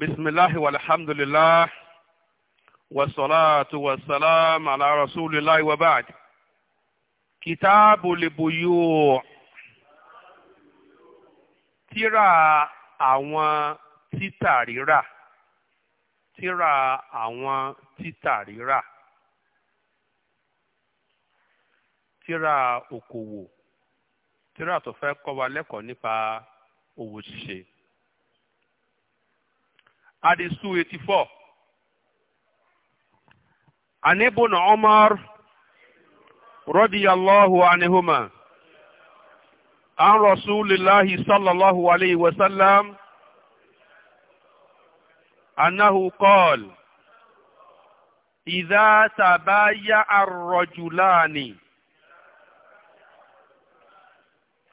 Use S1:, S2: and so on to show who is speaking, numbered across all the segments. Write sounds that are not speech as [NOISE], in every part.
S1: بسم الله والحمد لله والصلاة والسلام على رسول الله وبعد كتاب البيوع tírà àwọn títà rírà tírà àwọn títà rírà tírà okòwò tírà tó fẹ́ kọ́ wa lẹ́kọ̀ọ́ nípa òwò hadith two eighty four. عن ابن عمر رضي الله عنهما عن رسول الله صلى الله عليه وسلم أنه قال إذا تبايع الرجلان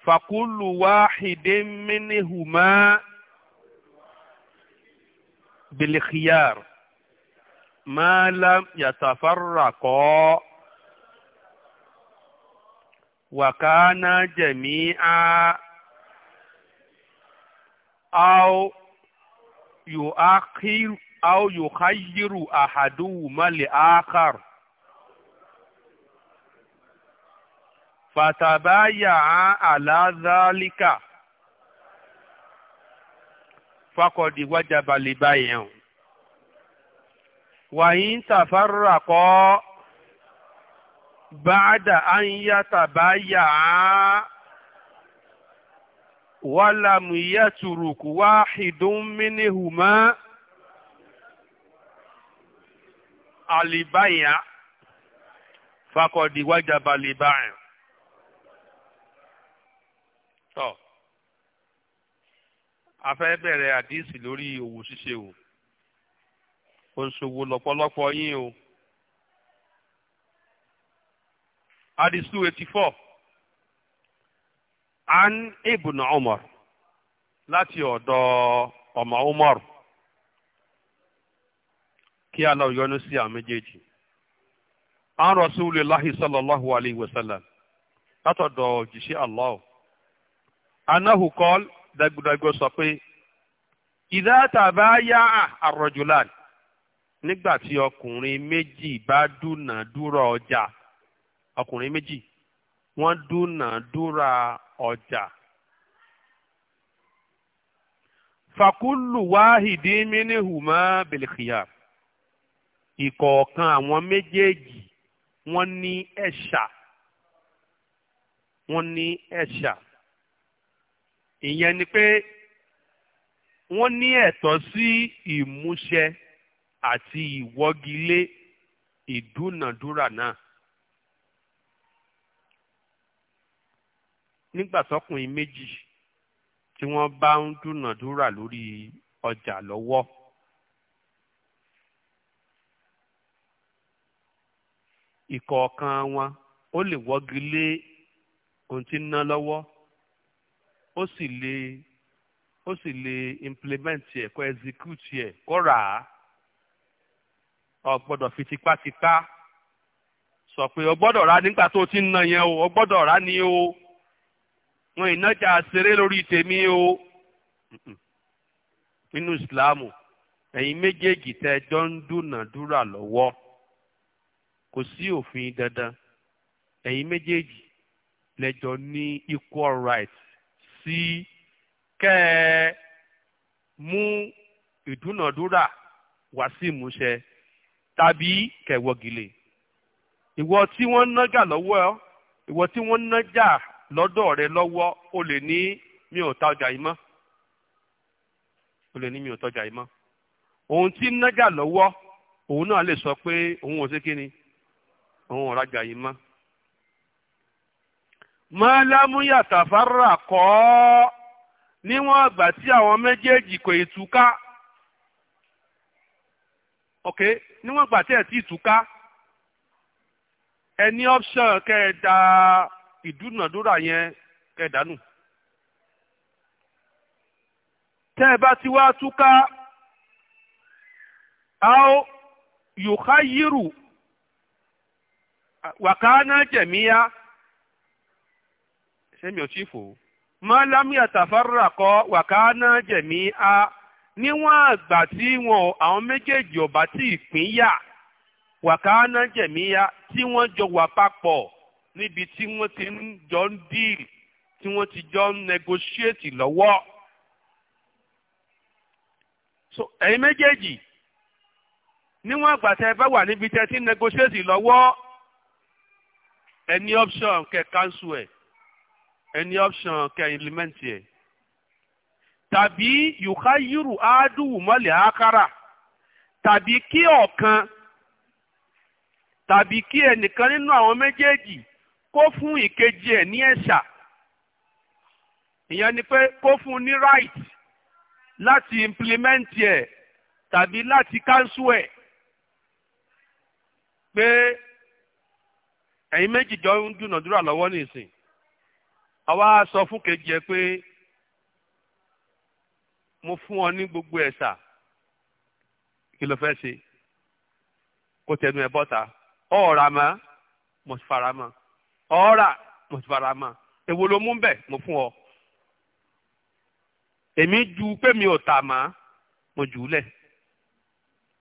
S1: فكل واحد منهما بالخيار ما لم يتفرقا وكان جميعا أو يؤخر أو يخير أحدهما لآخر فتبايعا على ذلك fakọ̀dì wájàba lè báyìí hàn. wàyí ń tàfárà kọ́ báàdà àyíyàtà bá yà á wàlámù yàtùrùkù wáhìdùn mínìhùmá àlìbáyà fakọ̀dì wájàba lè a fẹ́ bẹ̀rẹ̀ lori lórí òwò ṣíṣe o ò ń yín o. Hadith 284 An Ibn Umar láti ọ̀dọ̀ ọmọ Umar kí Allah yọ́nú sí àwọn méjèèjì. An Rasulillahi sallallahu alayhi wa sallam látọ̀dọ̀ òjíṣẹ́ Allah. Anahu kọ́l. dágbódágbó sọ pé ìdá tàbá yá àrọ̀jùláì nígbà tí ọkùnrin méjì bá dúnàádúrà ọjà ọkùnrin méjì wọ́n dúnàádúrà ọjà. fàkúlù wáhìdí mínìhùmá bèlèkìyà ìkọ̀ọ̀kan àwọn méjèèjì wọ́n ní ẹ̀ṣà wọ́n ní ẹ̀ṣà ìyẹn ni pé wọ́n ní ẹ̀tọ́ sí ìmúṣẹ àti ìwọ́gilé ìdúnàdúrà náà. nígbà tọkùnrin méjì tí wọ́n bá ń dúnàdúrà lórí ọjà lọ́wọ́. ìkọ̀ọ̀kan wọn ó lè wọ́gi ohun tí ń ná lọ́wọ́ ó sì lè ó sì lè implement ẹ̀ kó execute ẹ̀ kó rà á o gbọdọ fi tipátipá sọ pé o gbọdọ rà nígbà tó ti ń na yẹn o o gbọdọ rà ní o wọn ìnájà ṣeré lórí tèmi o nínú ìsìláàmù ẹ̀yin méjèèjì tẹ́ ẹ jọ ń dúnàdúrà lọ́wọ́ kò sí òfin dandan ẹ̀yin méjèèjì lẹ́jọ́ ní equal right sí kẹ́ ẹ mú ìdúnàdúrà wá sí ìmúṣẹ tàbí kẹwọ́gilé ìwọ tí wọ́n nájà lọ́wọ́ ìwọ tí wọ́n nájà lọ́dọ̀ rẹ lọ́wọ́ o lè ní mi ò ta ọjà yìí mọ́ o lè ní mi ò tọjà yìí mọ́ òun tí nájà lọ́wọ́ òun náà lè sọ pé òun ò ṣe kí ni òun ò rajà yìí mọ́ mọ́lámúyà tàfárà kọ́ ọ́ níwọ̀n àgbà tí àwọn méjèèjì kò ìtúká ok níwọ̀n àgbà tí ẹ̀ ti ìtúká ẹ ní option kẹ́ẹ̀dá ìdúnàdúrà yẹn kẹ́ẹ̀dánù tẹ́ ẹ bá ti wá túká ao yòókà yírù wàkánà jẹ̀míyá. sẹ́mi ò tí ì fò ó. mọ́ lámì àtàfárà kọ́ wàkánà jẹ̀mí a níwọ̀n àgbà tí wọn àwọn méjèèjì ọ̀bá tí ì pín yà wàkánà jẹ̀mí a tí wọ́n jọ wà papọ̀ níbi tí wọ́n ti ń jọ ń díìlì tí wọ́n ti jọ ń negotiate lọ́wọ́. so ẹ̀yin méjèèjì níwọ̀n àgbà tẹ́ ẹ bá wà níbi tẹ́ ti ń negotiate lọ́wọ́ ẹni option kẹ cancel ẹ̀ ẹni option kẹ́ implement yẹ tàbí yùkáyírù áádùwù mọ́lẹ̀ ákárà tàbí kí ọ̀kan tàbí kí ẹnìkan nínú àwọn méjèèjì kó fún ìkejì ẹ̀ ní ẹ̀ṣà ìyẹn ni pé kó fún ní right láti implement ẹ̀ tàbí láti cancel ẹ̀ pé ẹ̀yin méjì jọ ń dúnàdúrà lọ́wọ́ nìsín àwa sọ fún kejì ẹ pé mo fún ọ ní gbogbo ẹ̀sà kí ló fẹ́ ṣe kó tẹnu ẹ bọ́ta ọ̀ọ́ra mọ́ mo ti fara mọ́ ọ̀ọ́ra mo ti fara mọ́ èwo ló mú bẹ̀ mo fún ọ èmi ju pé mi ò tà mọ́ mo jù ú lẹ̀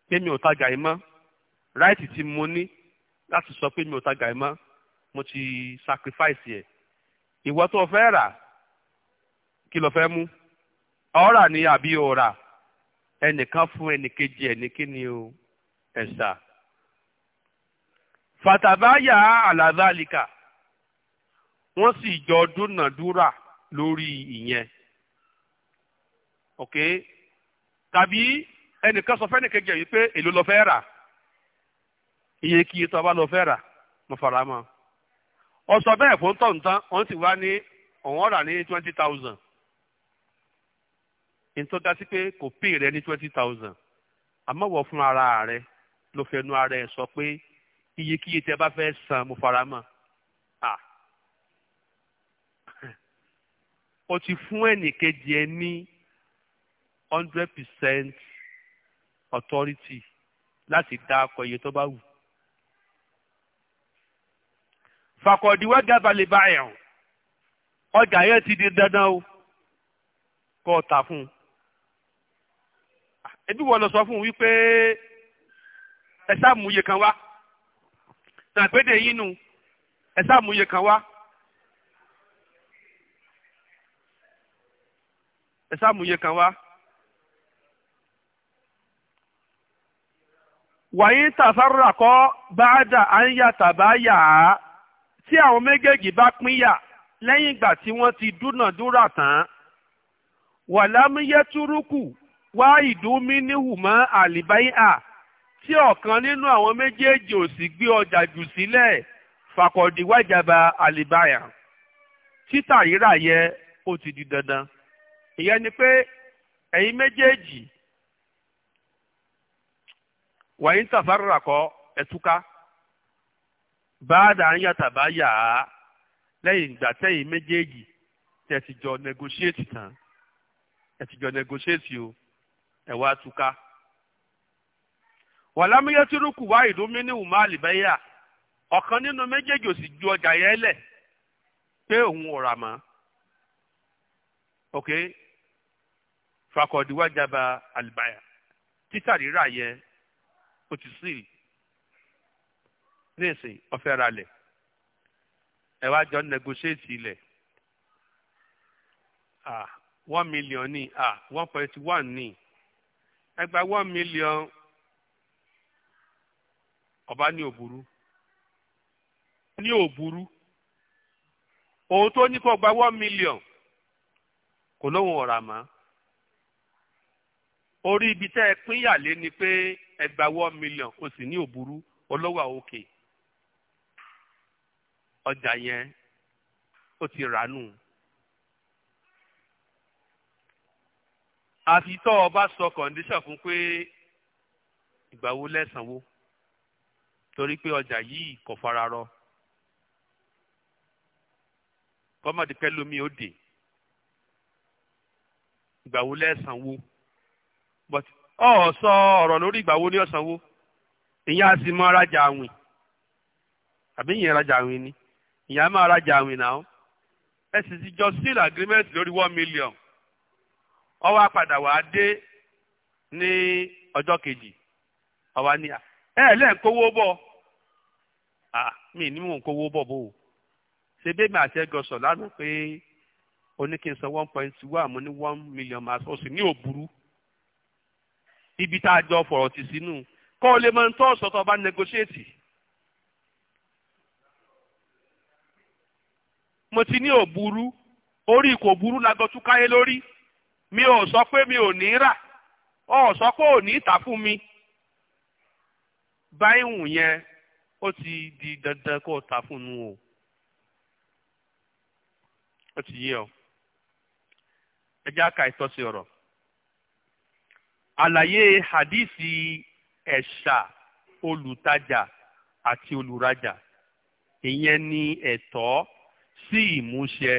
S1: pé mi ò tajà yìí mọ́ ráìtì tí mo ní láti sọ pé mi ò tajà yìí mọ́ mo ti sacrifice yẹ ìwọ tó fẹ́ rà kí lo fẹ́ mú ọ̀rà ni àbí ọ̀rà ẹnìkan fún ẹnìkejì ẹnìkíni o ẹ̀sà fàtàbáyà àlàzálìkà wọ́n sì jọ dúnàdúrà lórí ìyẹn ok tàbí ẹnìkan sọ fẹ́nìkejì yìí pé èlò lo fẹ́ rà iye kí tó a bá lo fẹ́ rà mo fara mọ́ ọ ó sọ bẹ́ẹ̀ fún tọ̀ nǹkan wọ́n sì wá ní òun ọ̀rà ní twenty thousand nítorí dásí pé kò pè rẹ ní twenty thousand àmọ́ wọ̀ fún ara rẹ ló fẹnu ara ẹ sọ pé iyekíye tẹ bá fẹ́ san mo fara mọ́ à o [LAUGHS] ti fún ẹnìkejì ẹ ní hundred percent authority láti dá akọ iye tó bá wù. fàkọ̀díwá gàbàlè báyàn ọjà yẹn ti di dandan o kọ́ ọ̀tà fún un. ẹbí wọ́n lọ sọ fún un wípé ẹ sáàmù kan wá tàgbédè yín nu ẹ sáàmù kan wá ẹ sáàmù kan wá. wàyí tàfárà kọ́ bá dà á tí àwọn méjèèjì bá pínyà lẹ́yìn ìgbà tí wọ́n ti dúnàdúrà tán wàlámúyẹ́túrúkù wá ìdúnmínìhùmọ́ àlìbáyà tí ọ̀kan nínú àwọn méjèèjì ò sì gbé ọjà jù sílẹ̀ fàkọ̀dìwájàba àlìbáyà títà rírà yẹ ó ti di dandan ìyẹn ni pé ẹ̀yin méjèèjì wàyí ń tàfárà kọ ẹ̀túká. E báàdà ń yàtà bá yà á lẹ́yìn ìgbà tẹ́yìn méjèèjì tẹ́ ti jọ negotiate tán ẹ ti jọ negotiate o ẹ wá túká. wàlámúyẹ́ tí rúkù wá ìdúnmí ní umali bẹ́yà ọ̀kan nínú méjèèjì ò sì ju ọjà yẹn lẹ̀
S2: pé òun ò rà
S1: mọ́. ok fakọ̀díwájàba àlìbáyà títà rírà yẹn ó ti ní ìsìn ọ̀fẹ́ ra lẹ̀ ẹ wá jọ negotiate ilẹ̀ ah one million ní ah one point one ní ẹ one million ọba ní òbúrú ní òbúrú òun tó ní kó gba one million kò lóhùn ọ̀rà mọ́ orí ibi tẹ́ ẹ pínyà lé ni pé ẹ gba one million o sì ní òbúrú olówó àwòkè. Okay ọjà yẹn ó ti rà nù. àfi tọ́ ọ bá sọ kọ̀ǹdíṣàn fún pé ìgbà wo lẹ́sànwó torí pé ọjà yìí kò fara rọ kọ́mọ̀dé ó dè ìgbà wo lẹ́sànwó but ọ sọ ọ̀rọ̀ lórí ìgbà wo ni ọ̀sánwó ìyẹn a sì mọ arajà àwìn àbí ìyẹn arajà àwìn ni ìyá máa rajà àwìn náà ẹ sì ti jọ seal agreement lórí one million ó wá padà wá dé ní ọjọ́ kejì ó wá ní à ẹ lẹ́ǹkówó bọ̀ mi ni mò ń kówó bọ̀ bò ó ṣe bébí àti ẹgbẹ́ sọ̀ lánàá pé oníkínsán one point two àmọ́ ní one million mass ó sì ní òbúrú ibi tá a jọ fọ̀rọ̀ tì sínú kọ́ ọ lè máa ń tọ́ ọ̀sọ̀ tó o bá negotiate. mo ti ní òburú orí kò burú lago túkáyé lórí mi ò sọ pé mi ò ní rà ọ sọ pé ò ní tà fún mi báyìí yẹn ó ti di dandan kó o tà fún un o ó ti yé ọ ẹ já ka ìtọ́sí ọ̀rọ̀ àlàyé hadisi ẹ̀ṣà olùtajà àti olùrajà ìyẹn ni ẹ̀tọ́ sí ìmúṣẹ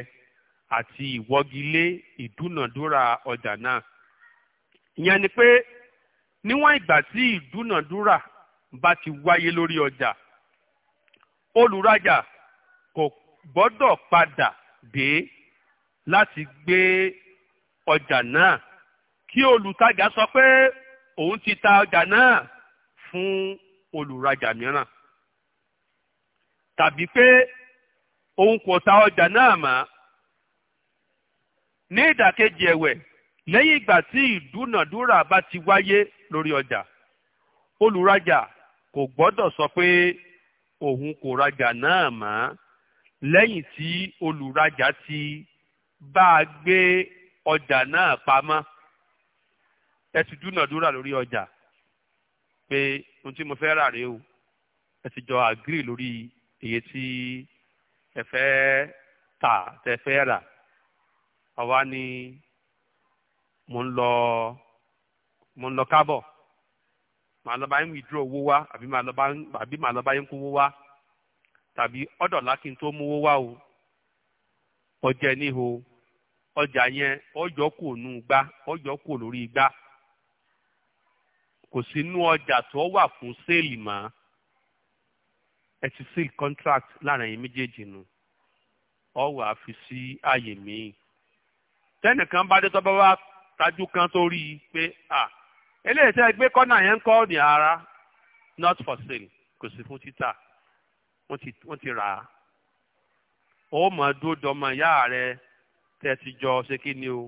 S1: àti ìwọ́gilé ìdúnàdúrà ọjà náà. ìyẹn ni pé níwọ̀n ìgbà tí ìdúnàdúrà bá ti wáyé lórí ọjà olùrajà kò gbọ́dọ̀ padà dé láti gbé ọjà náà kí olùtajà sọ pé òun ti ta ọjà náà fún olùrajà mìíràn tàbí pé òun kò ta ọjà náà mọ́. ní ìdàkejì ẹ̀wẹ̀ lẹ́yìn ìgbà tí ìdúnàdúrà bá ti wáyé lórí ọjà olùrajà kò gbọ́dọ̀ sọ pé òun kò rajà náà mọ́ lẹ́yìn tí olùrajà ti bá a gbé ọjà náà pamọ́ ẹ ti dúnàdúrà lórí ọjà pé ohun tí mo fẹ́ rà rèé o ẹ ti jọ àgírì lórí iye tí. ẹ ta tà tẹ fẹ́ rà àwa ni mo ń lọ mo ń lọ kábọ̀ màá lọ bá yín withdraw owó wá àbí màá lọ bá àbí màá lọ bá yín kówó wá tàbí ọ̀dọ̀ lákì tó mówó wá o ọjà níhò ọjà yẹn ọjọ́ kò nù gbá ọjọ́ kò lórí gbá kò sínú ọjà tó wà fún séèlì mọ́. ẹ ti seal contract láàrin ẹ̀yin méjèèjì nu ọwọ́ àfi sí ààyè míì tẹ́nìkan bá dé tọ́ba wá tajú kan tó rí i pé à eléyìí tẹ́ ẹ gbé kọ́nà yẹn ń kọ́ ní ara not for sale kò sí fún títà wọ́n ti rà á ó mọ̀ dúró dọmọ ìyá rẹ tẹ́ ẹ ti jọ ṣe kí ni o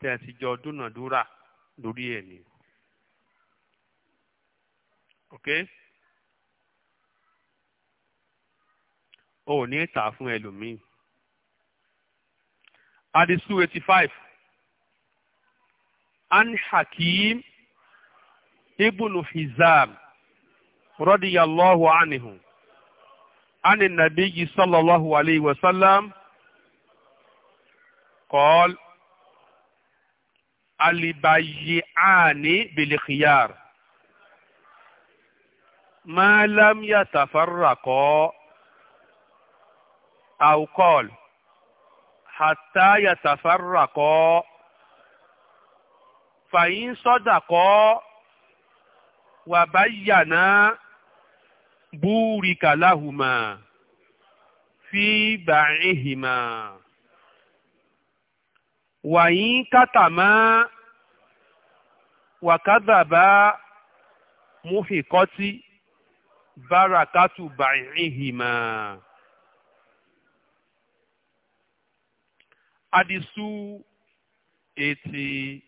S1: tẹ́ ẹ ti jọ dúnàdúrà lórí ẹ̀ ni. Okay? o ò ní tà fún ẹlòmíì. Hadith two eighty five an Hakim ibn Hizam radiyallahu anhu an an-nabiyyi sallallahu alayhi wa sallam qala alibayi'ani bil-khiyar ma lam yatafarraqa أو قال حتى يتفرقا فإن صدقا وبينا بورك لهما في بعهما وإن كتما وكذبا محقت بركة بعهما Adisu 85.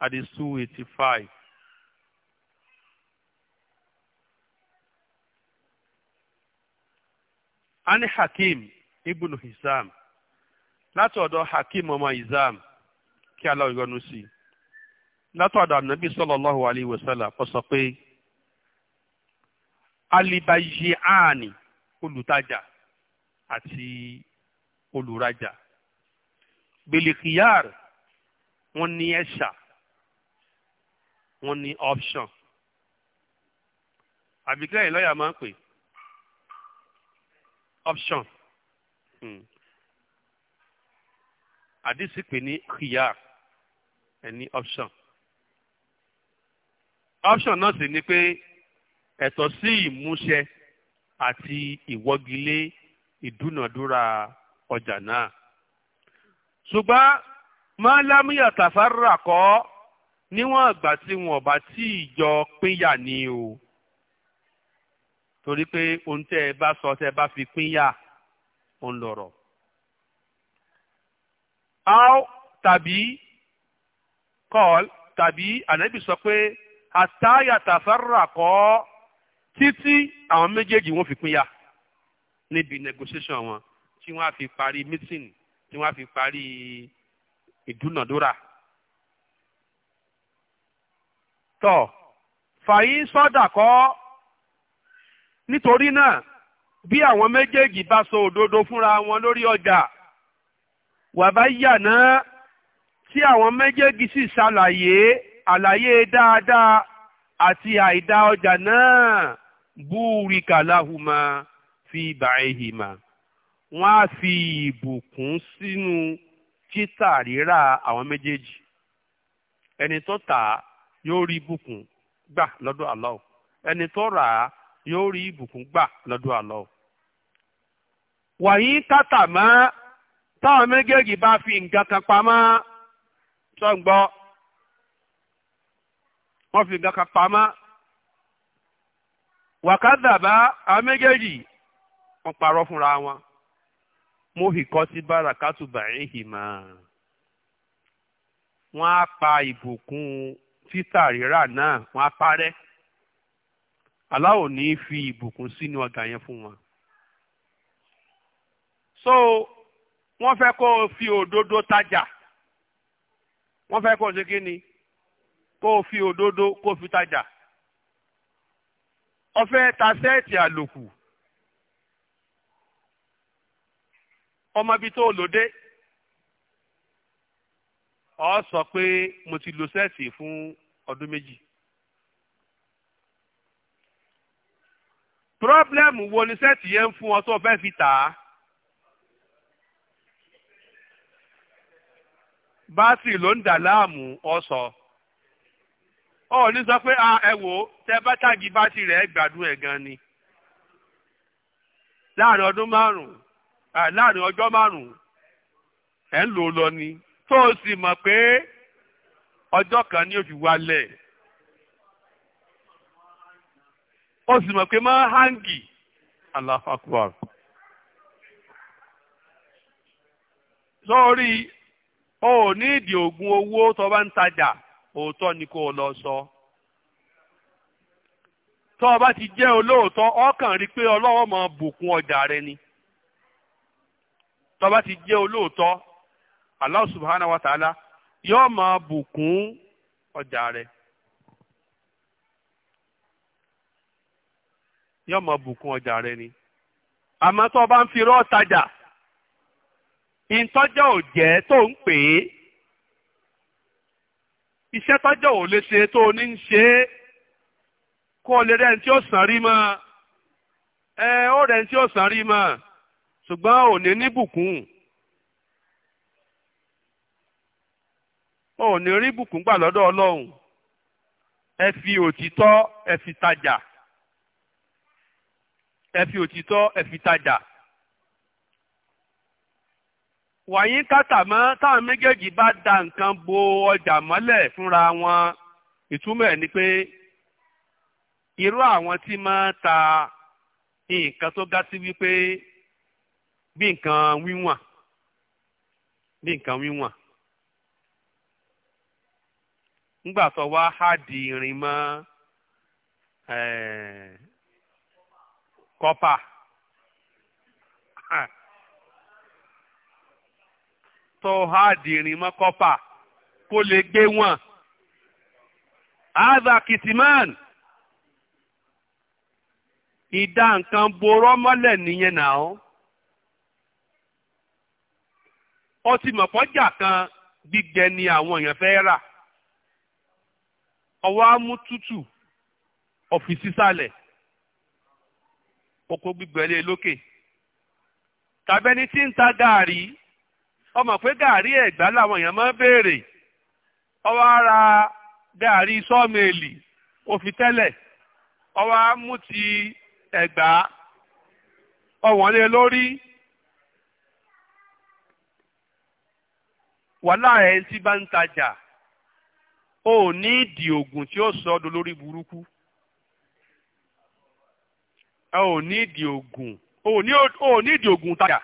S1: Adisu 85. Ani Hakim Ibn Hizam. Láti ọ̀dọ̀ Hakim ọmọ Hizam kí Allah yọ́nú sí i. Láti ọ̀dọ̀ Ànábì sallallahu alayhi wa sallam kó sọ pé Alibajiani olùtajà àti olùrajà bilikiyar wọ́n ní ẹ̀ṣà wọ́n ní option àbíkẹ́ ẹ̀ lọ́ọ̀yà máa ń pè option hmm. àdìsí pè ní kiyar, ẹ ní option option náà sì ni pé ẹ̀tọ́ sí ìmúṣẹ àti ìwọ́gilé ìdúnàdúrà ọjà náà ṣùgbọ́n mọ́lámúyà tàfárà kọ́ níwọ̀n ìgbà tí wọn bá tí ì jọ pínyà ni o torí pé ohun tẹ́ ẹ bá sọ tẹ́ ẹ bá fi pínyà òun lọ̀rọ̀. aw tàbí kọ́ọ̀l tàbí ànábì sọ pé àtàyà tàfárà kọ́ títí àwọn méjèèjì wọn fi pínyà níbi negotiation wọn tí wọ́n á fi parí mítìn tí wọ́n á fi parí ìdúnàdúrà. tọ́ fàyín sọ́dà kọ́ nítorí náà bí àwọn méjèèjì bá sọ òdodo fúnra wọn lórí ọjà wàbá yà náà tí àwọn méjèèjì sì ṣàlàyé àlàyé dáadáa àti àìdá ọjà náà búrikà láhùmá fi bàáhìmá wọ́n á fi ìbùkún sínú títà rírà àwọn méjèèjì ẹni tó tà yóò rí ìbùkún gbà lọ́dọ̀ Allah ẹni tó rà yóò rí ìbùkún gbà lọ́dọ̀ Allah. wàyí kàtà mọ́ táwọn méjèèjì bá fi nǹkan kan pamọ́ tó ń gbọ́ wọ́n fi nǹkan kan pamọ́ wàkàdàbá àwọn méjèèjì wọ́n parọ́ fúnra wọn mohikọ́tí bárakátù bàáhìmá wọ́n á pa ìbùkún títà rírà náà wọ́n á parẹ́ Allah ò ní fi ìbùkún sínú ọgbà yẹn fún wọn. so wọ́n fẹ́ kó o fi òdodo tajà wọ́n fẹ́ kó o ṣe kí ni kó o fi òdodo kó fi tajà ó ta sẹ́ẹ̀tì àlòkù ọmọ ibi tó lò dé ọ sọ pé mo ti lo sẹ́ẹ̀sì fún ọdún méjì. pírọ́blẹ́mù wo ni sẹ́ẹ̀tì yẹn ń fún ọ tó fẹ́ fi tà á. bátìrì ló ń dà láàmú ọ sọ. ọ ní sọ pé ẹ wò ó tẹ bá tàgì bátìrì rẹ̀ gbádùn gan ni. láàrin ọdún márùn-ún láàrin ọjọ́ márùn-ún ẹ̀ ń lò lọ ni tó o sì mọ̀ pé ọjọ́ kan ni ó fi wálẹ̀ o sì mọ̀ pé máa hangi Allahu Akbar. sọ́ọ́rí o ò ní ìdí ògùn owó tó bá ń tajà òótọ́ ni kó o lọ sọ. tó o bá ti jẹ́ olóòótọ́ ọkàn rí i pé ọlọ́wọ́ máa bùkún ọjà rẹ ni. tó bá ti jẹ́ olóòótọ́ Allah subhanahu wa ta'ala yóò máa bùkún ọjà rẹ̀ yóò máa bùkún ọjà rẹ̀ ni àmọ́ tó bá ń fi irọ́ tajà ìtọ́jọ́ ò jẹ́ tó ń pè é iṣẹ́ tọ́jọ́ ò lè ṣe tó o ní ń ṣe é kó o lè rẹ́ni tí ó sàn rí mọ́ ẹ ó rẹ́ni tí ó sàn rí mọ́ ṣùgbọ́n ò ní níbùkún ò ní rí bùkún gbà lọ́dọ̀ ọlọ́run ẹ fi òtítọ́ ẹ fi tajà ẹ fi òtítọ́ ẹ fi tajà wàyí kàtà mọ́ táwọn méjèèjì bá da nǹkan bo ọjà mọ́lẹ̀ fúnra wọn ìtumọ̀ ẹ̀ ni pé irú àwọn tí máa ta nǹkan tó ga sí wípé bí nǹkan wíwọ̀n bí nǹkan wíwọ̀n nígbà tó wá háàdì irin mọ́ kọ́pà eh, tó háàdì irin mọ́ kọ́pà kó lè gbé wọ̀n kìtìmán ìdá nǹkan borọ́ mọ́lẹ̀ nìyẹn náà. ọtí mọ̀fọ́jà kan gbígbẹ ni àwọn èèyàn fẹ́ rà ọwọ́ á mú tútù ọ̀fìsì sálẹ̀ oko gbígbẹ lé lókè tàbẹ́ni tí ń ta gàárì ọmọ pé gàárì ẹ̀gbá làwọn èèyàn máa ń béèrè ọwọ́ á ra gàárì sọ́ọ̀mẹ̀lì òfin tẹ́lẹ̀ ọwọ́ á ẹ̀gbá ọwọ́n lé lórí. wàhálà ẹ tí bá ń tajà ó ní ìdí ògùn tí ó sọ ọdọ lórí burúkú ní ìdí ògùn tajà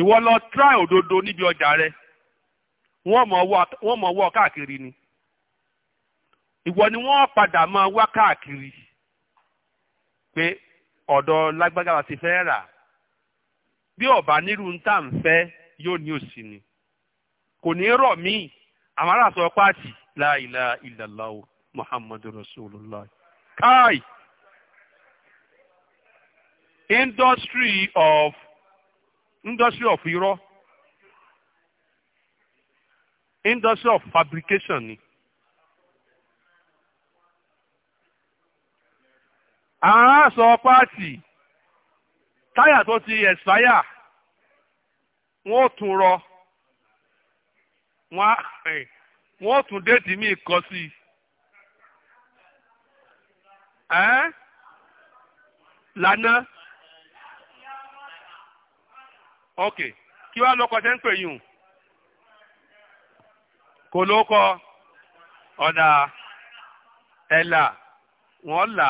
S1: ìwọ lọ try òdodo níbi ọjà rẹ wọ́n mọ̀ wọ́ káàkiri ni ìwọ ni wọ́n padà máa wá káàkiri pé rà bí nírú ń tà ń ni. kò ní rọ̀ mí àwọn ará sọ pàtì la ilaha illallah muhammadu rasulullah kai industry of industry of irọ́ industry of fabrication ni. àwọn aṣọ pààtì táyà tó ti ẹ̀sáyà wọ́n ò tún rọ wọ́n wọ́n tún déètì míì kọ sí i. lánàá ok kí wàá lọ́kọ ṣe ń pè yùn kò ló kọ ọ̀dà ẹ̀là wọ́n là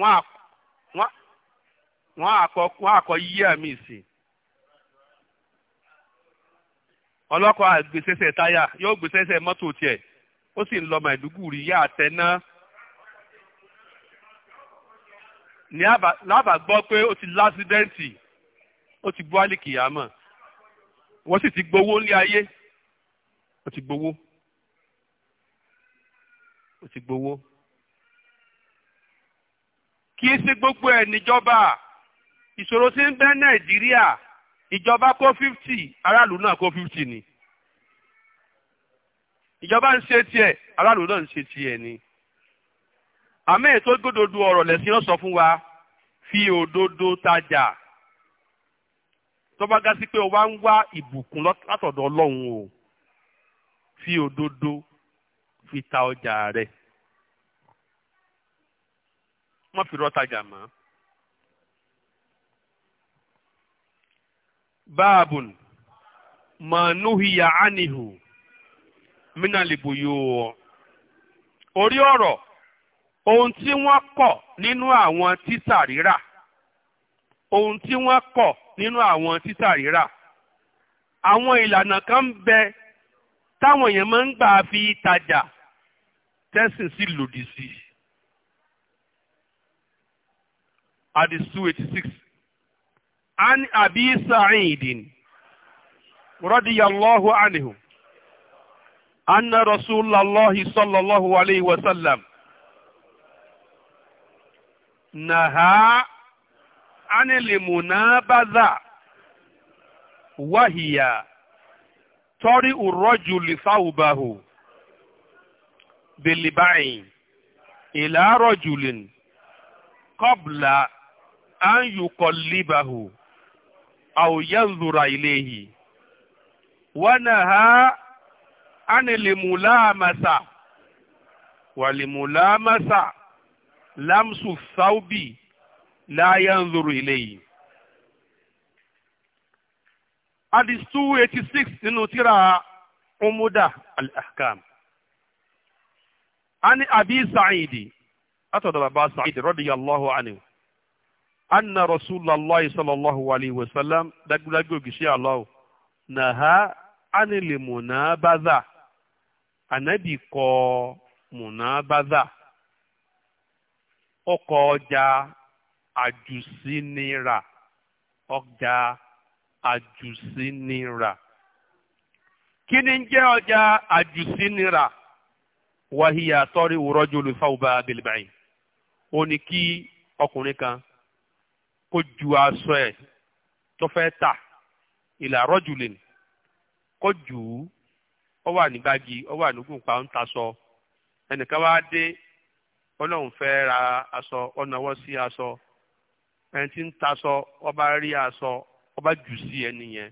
S1: wọ́n àkọ́ yíyá mi sí i. ọlọ́kọ̀ àgbésẹ́sẹ̀ táyà yóò gbésẹ́sẹ̀ mọ́tò tiẹ̀ ó sì ń lọ Maiduguri yá àtẹná ní lábà gbọ́ pé ó ti lásídẹ́ǹtì ó ti bú àlìkìyàmọ̀ wọ́n sì ti gbowó ní ayé ó ti gbowó ó ti gbowó kí í ṣe gbogbo ẹ̀ níjọba ìṣòro tí ń bẹ Nàìjíríà ìjọba kó fifty aráàlú náà kó fifty ni ìjọba ń ṣe tiẹ̀ aráàlú náà ń ṣe tiẹ̀ ni àmì ètò gbódòdó ọ̀rọ̀ lẹ́sìn náà sọ fún wa fi òdodo tajà tó bá pé o wá ń wá ìbùkún látọ̀dọ̀ ọlọ́run o fi òdodo fi ta ọjà rẹ̀ má fi rọ́ tajà mọ́. báàbùn mọ̀núhìyà ánìhù mínàlìbùyò orí ọ̀rọ̀ ohun tí wọ́n kọ̀ nínú àwọn títà rírà ohun tí wọ́n kọ̀ nínú àwọn títà rírà àwọn ìlànà kan ń bẹ táwọn èèyàn máa ń gbà fi tajà tẹ́sìn sí lòdì sí. Adis two eighty six. عن أبي سعيد رضي الله عنه أن رسول الله صلى الله عليه وسلم نهى عن المنابذة وهي طريق الرجل ثوبه بالبعين إلى رجل قبل أن يقلبه أو ينظر إليه ونهى عن الملامسة والملامسة لمس الثوب لا ينظر إليه Hadis 286 nínú tírà Umuda Al-Ahkam. Ani Abi Sa'idi, látọ̀dọ̀ bàbá Sa'idi, radiyallahu anhu anna rasulallah sallallahu alayhi wa sallam dagudagi ogisi alahu naha anile munabaza anabi kọ̀ munabaza ọkọ ọjà àjùsínira ọjà àjùsínira kí ni ń jẹ́ ọjà àjùsínira wàhíyà tọrí wúrọjò lùfáwùbá abèlébàyìn ó ní kí ọkùnrin kan kó ju aṣọ ẹ̀ tó fẹ́ tà ìlà rọ́jùlìn kó jù ó wà ní gbági ó wà nígùn pa ń taṣọ ẹnìkan wá dé ọlọ́run fẹ́ ra aṣọ ọ̀nàwọ́ sí aṣọ ẹni tí ń taṣọ ọba rí aṣọ ọba jù sí ẹni yẹn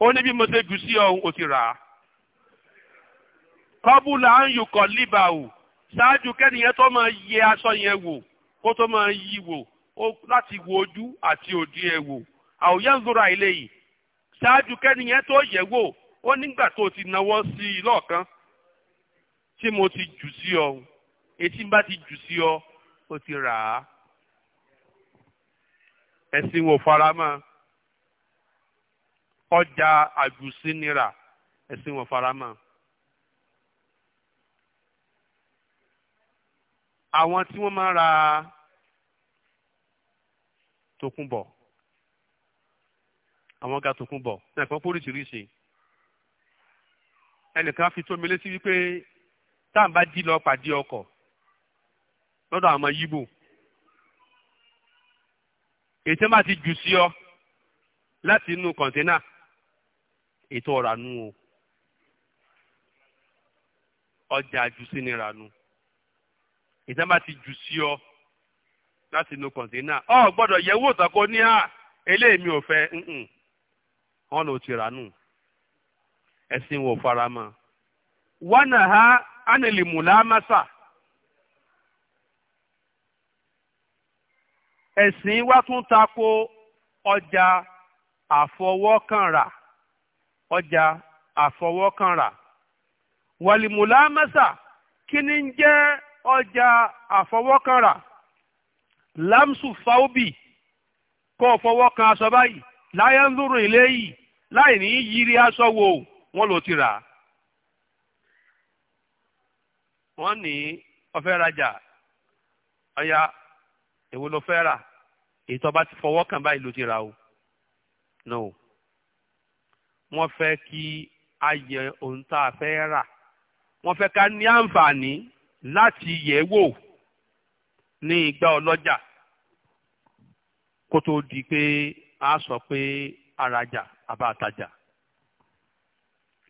S1: ó ní bí mo ṣe jù sí ti rà á ń yùkọ̀ ṣáájú kẹ́niyẹn tó máa yẹ aṣọ yẹn wò kó tó máa yí wò láti wo ojú àti òdì ẹ̀ wò àwòyẹ ń lóra ilé yìí ṣáájú kẹ́niyẹn tó yẹ̀ wò ó nígbà tó ti náwó sí i lọ́ọ̀kan tí mo ti jù sí ọ etí bá ti jù sí ọ ó ti rà á ẹ̀sìn wò fara mọ́ ọjà àjùsí ni rà ẹ̀sìn wò fara mọ́. àwọn tí wọ́n máa ra Tòkunbọ̀ àwọn ọ̀gá Tòkunbọ̀ ní àpò póríṣiríṣi ẹnìkan fi tó mi létí wípé tá à ń bá dí lọ pàdé ọkọ̀ lọ́dọ̀ àwọn yíbò ètò máa ti jù sí ọ láti inú kọ̀ǹténà ètò ọ̀rànú o ọjà àjùsí ni rànú ètò ti jù sí ọ. láti inú náà ọ gbọ́dọ̀ yẹ̀wò tàkó ní à eléèmí ò fẹ́ wọn ò ti rà nù ẹ̀sìn wò fara mọ́ wọn nà ha ánìlìmùlámásà ẹ̀sìn wá tún tako ọjà àfọwọ́kànrà ọjà àfọwọ́kànrà wàlìmùlámásà kí ni ń jẹ́ ọjà àfọwọ́kànrà. lamsu faubi kó o fọwọ́ kan aṣọ báyìí láyé ń dúró ilé yìí láì ní yiri aṣọ wo wọn ló ti rà á. wọ́n ní ó fẹ́ rajà ọ̀ya èwo ló fẹ́ rà èyí tó bá ti fọwọ́ kàn báyìí ló ti rà o no wọ́n fẹ́ kí a yẹ ohun tá a fẹ́ rà wọ́n fẹ́ ká ní àǹfààní láti yẹ̀ wò ní igbá ọlọ́jà kó tó di pé a sọ pé arajà àbá àtajà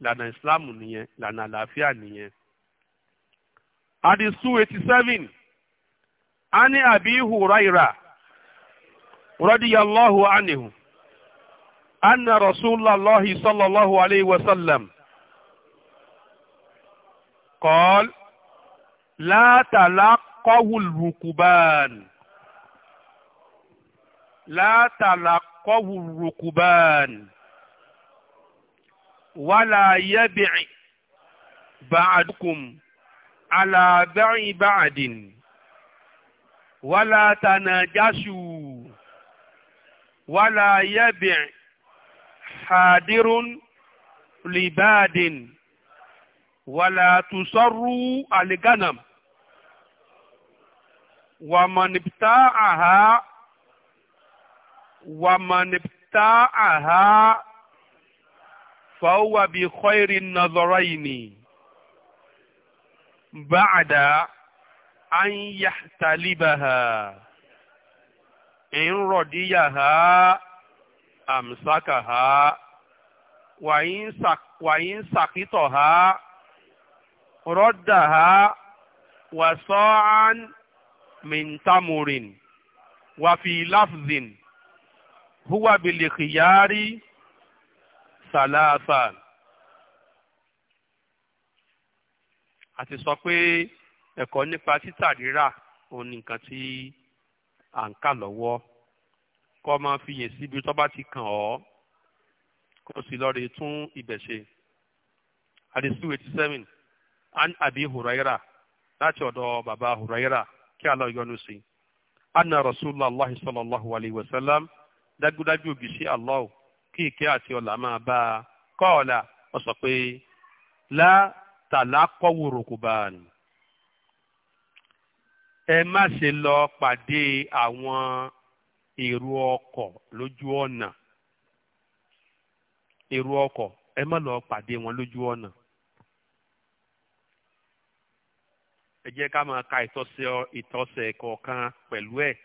S1: lànà ìsìláàmù nìyẹn lànà àlàáfíà nìyẹn. Adisu eighty seven Ani Abi Huraira radiyallahu anhu anna Rasulullah sallallahu alayhi wa sallam qala la talakọ́wul rukuban la talakọ́wul rukuban wala yabi'i ba'dukum ala ba'i ba'din wala tanajashu wala yabi'i hadirun libadin wala tusarru al-ganam wàmọ̀nìpítà àhá wàmọ̀nìpítà àhá fàáwà bí kọ́ìrì nàzọ́rọ́ yìí ni báàdà an yahtalibaha in rọ̀díyàhá àmsákàhá wàyín sàkítọ̀há rọ́dàhá wàsọ́án. So min tamurin wa fi lafzin huwa bil khiyari salasa àti sọ pé ẹ̀kọ́ nípa títà rírà òun ni nǹkan tí à ń kà lọ́wọ́ kọ́ máa fi yẹn síbi tó bá ti kàn ọ́ kó sì lọ́ọ́ rí tún ibẹ̀ ṣe. àdìsú eighty seven an láti ọ̀dọ̀ bàbá huraira kí Allah yọ́nú sí anna rasulullah sallallahu alayhi wa sallam dájúdájú ògìṣẹ́ Allah kí ìkẹ́ àti ọ̀là máa bá a kọ́ọ̀là ó sọ pé lá tàlá kọ́wòrò kò bá a nù. ẹ má ṣe lọ pàdé àwọn èrò ọkọ̀ lójú ọ̀nà èrò ọkọ̀ ẹ má lọ pàdé wọn lójú ọ̀nà. ẹ jẹ́ ká máa ka ìtọ́sẹ̀ ìtọ́sẹ̀ kọ̀ọ̀kan pẹ̀lú ẹ̀.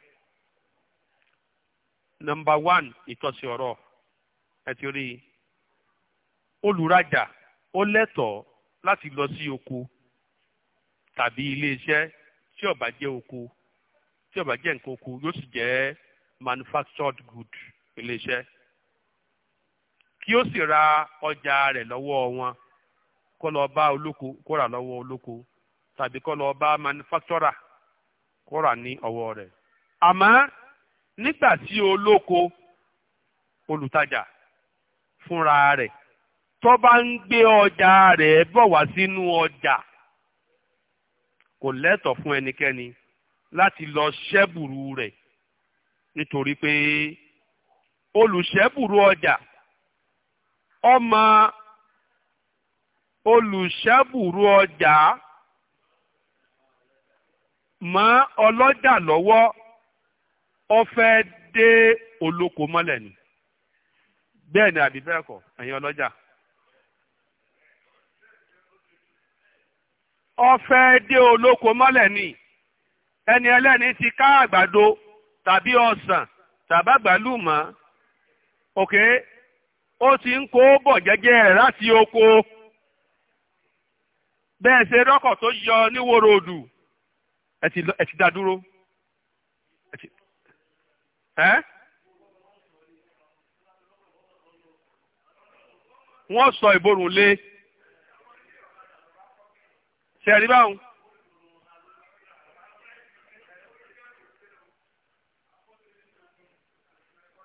S1: nọmba one ìtọ́sẹ̀ ọ̀rọ̀ ẹ ti rí i olùrajà ó lẹ́tọ̀ọ́ láti lọ sí oko tàbí iléeṣẹ́ tí ó jẹ́ oko tí ó jẹ́ nǹkan oko yóò sì jẹ́ manufactured good iléeṣẹ́ kí ó sì ra ọjà rẹ̀ lọ́wọ́ wọn kó lọ bá olóko kó rà lọ́wọ́ olóko tàbí kó lọ bá manufacturer kó rà ní ọwọ́ rẹ̀. àmọ́ nígbà tí olóko olùtajà fúnra rẹ̀ tó bá ń gbé ọjà rẹ̀ bọ̀ wá sínú ọjà kò lẹ́tọ̀ fún ẹnikẹ́ni láti lọ ṣẹ́bùrú rẹ̀ nítorí pé olùṣẹ́bùrú ọjà ọmọ olùṣẹ́bùrú ọjà. mọ ọlọ́jà lọ́wọ́ ọfẹ́ dé olóko mọ́lẹ̀ ni bẹ́ẹ̀ ni àbí bẹ́ẹ̀ kọ́ ẹ̀yin ọlọ́jà. ẹni ẹlẹ́ni ti ká àgbàdo tàbí ọsàn tàbágbàlùmọ́ òkè ó ti ń kó bọ̀ jẹ́jẹ́ láti oko bẹ́ẹ̀ ṣe rọ́kọ̀ tó yọ níwòrò ẹ ti ẹ ti dá dúró ẹ ti ẹ. wọ́n sọ ìborùn lé ṣe rí báwọn.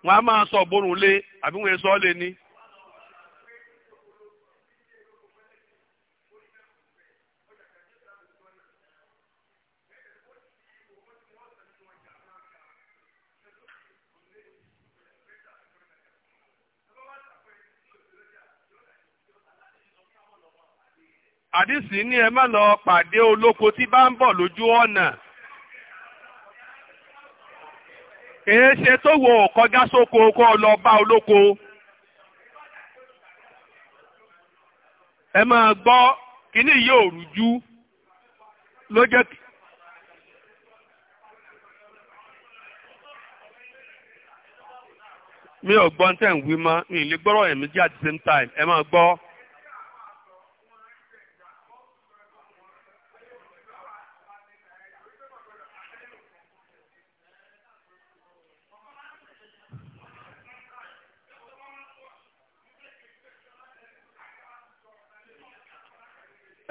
S1: wọ́n á máa sọ ìborùn lé àbí wọ́n sọ ọ́ lé ní. àdìsí ní ẹ má lọ pàdé olóko tí bá ń bọ̀ lójú ọ̀nà ṣe tó wo kọjá sóko kó lọ bá olóko ẹ máa gbọ́ kínní yóò rújú ló jẹ́ mi ò gbọ́ ń ń wí mọ́ mi lè gbọ́rọ̀ ẹ̀mí jẹ́ at the same time ẹ máa gbọ́.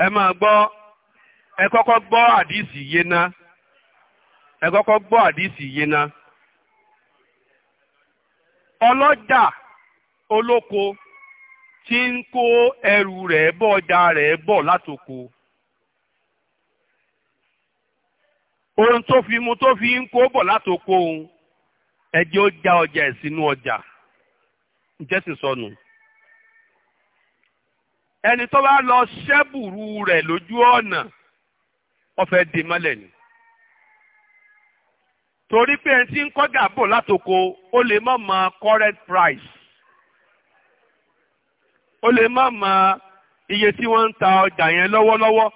S1: ẹ máa gbọ́ ẹ kọ́kọ́ gbọ́ àdìsí yé ẹ kọ́kọ́ gbọ́ ọlọ́jà olóko tí ń kó ẹrù rẹ̀ bọ́ ọjà rẹ̀ bọ̀ ohun tó fi mu tó fi ń kó bọ̀ látoko ohun ẹjẹ́ ó já ọjà ẹ̀ sínú ọjà ǹjẹ́ ẹni tó bá lọ ṣẹ́bùrú rẹ̀ lójú ọ̀nà ọ̀fẹ́ dè mọ́lẹ̀ ni. torí pé ẹni tí ń kọ́jà bò látòkò ó lè má mọ current price ó lè ma mọ iye tí wọ́n ń ta ọjà yẹn lọ́wọ́lọ́wọ́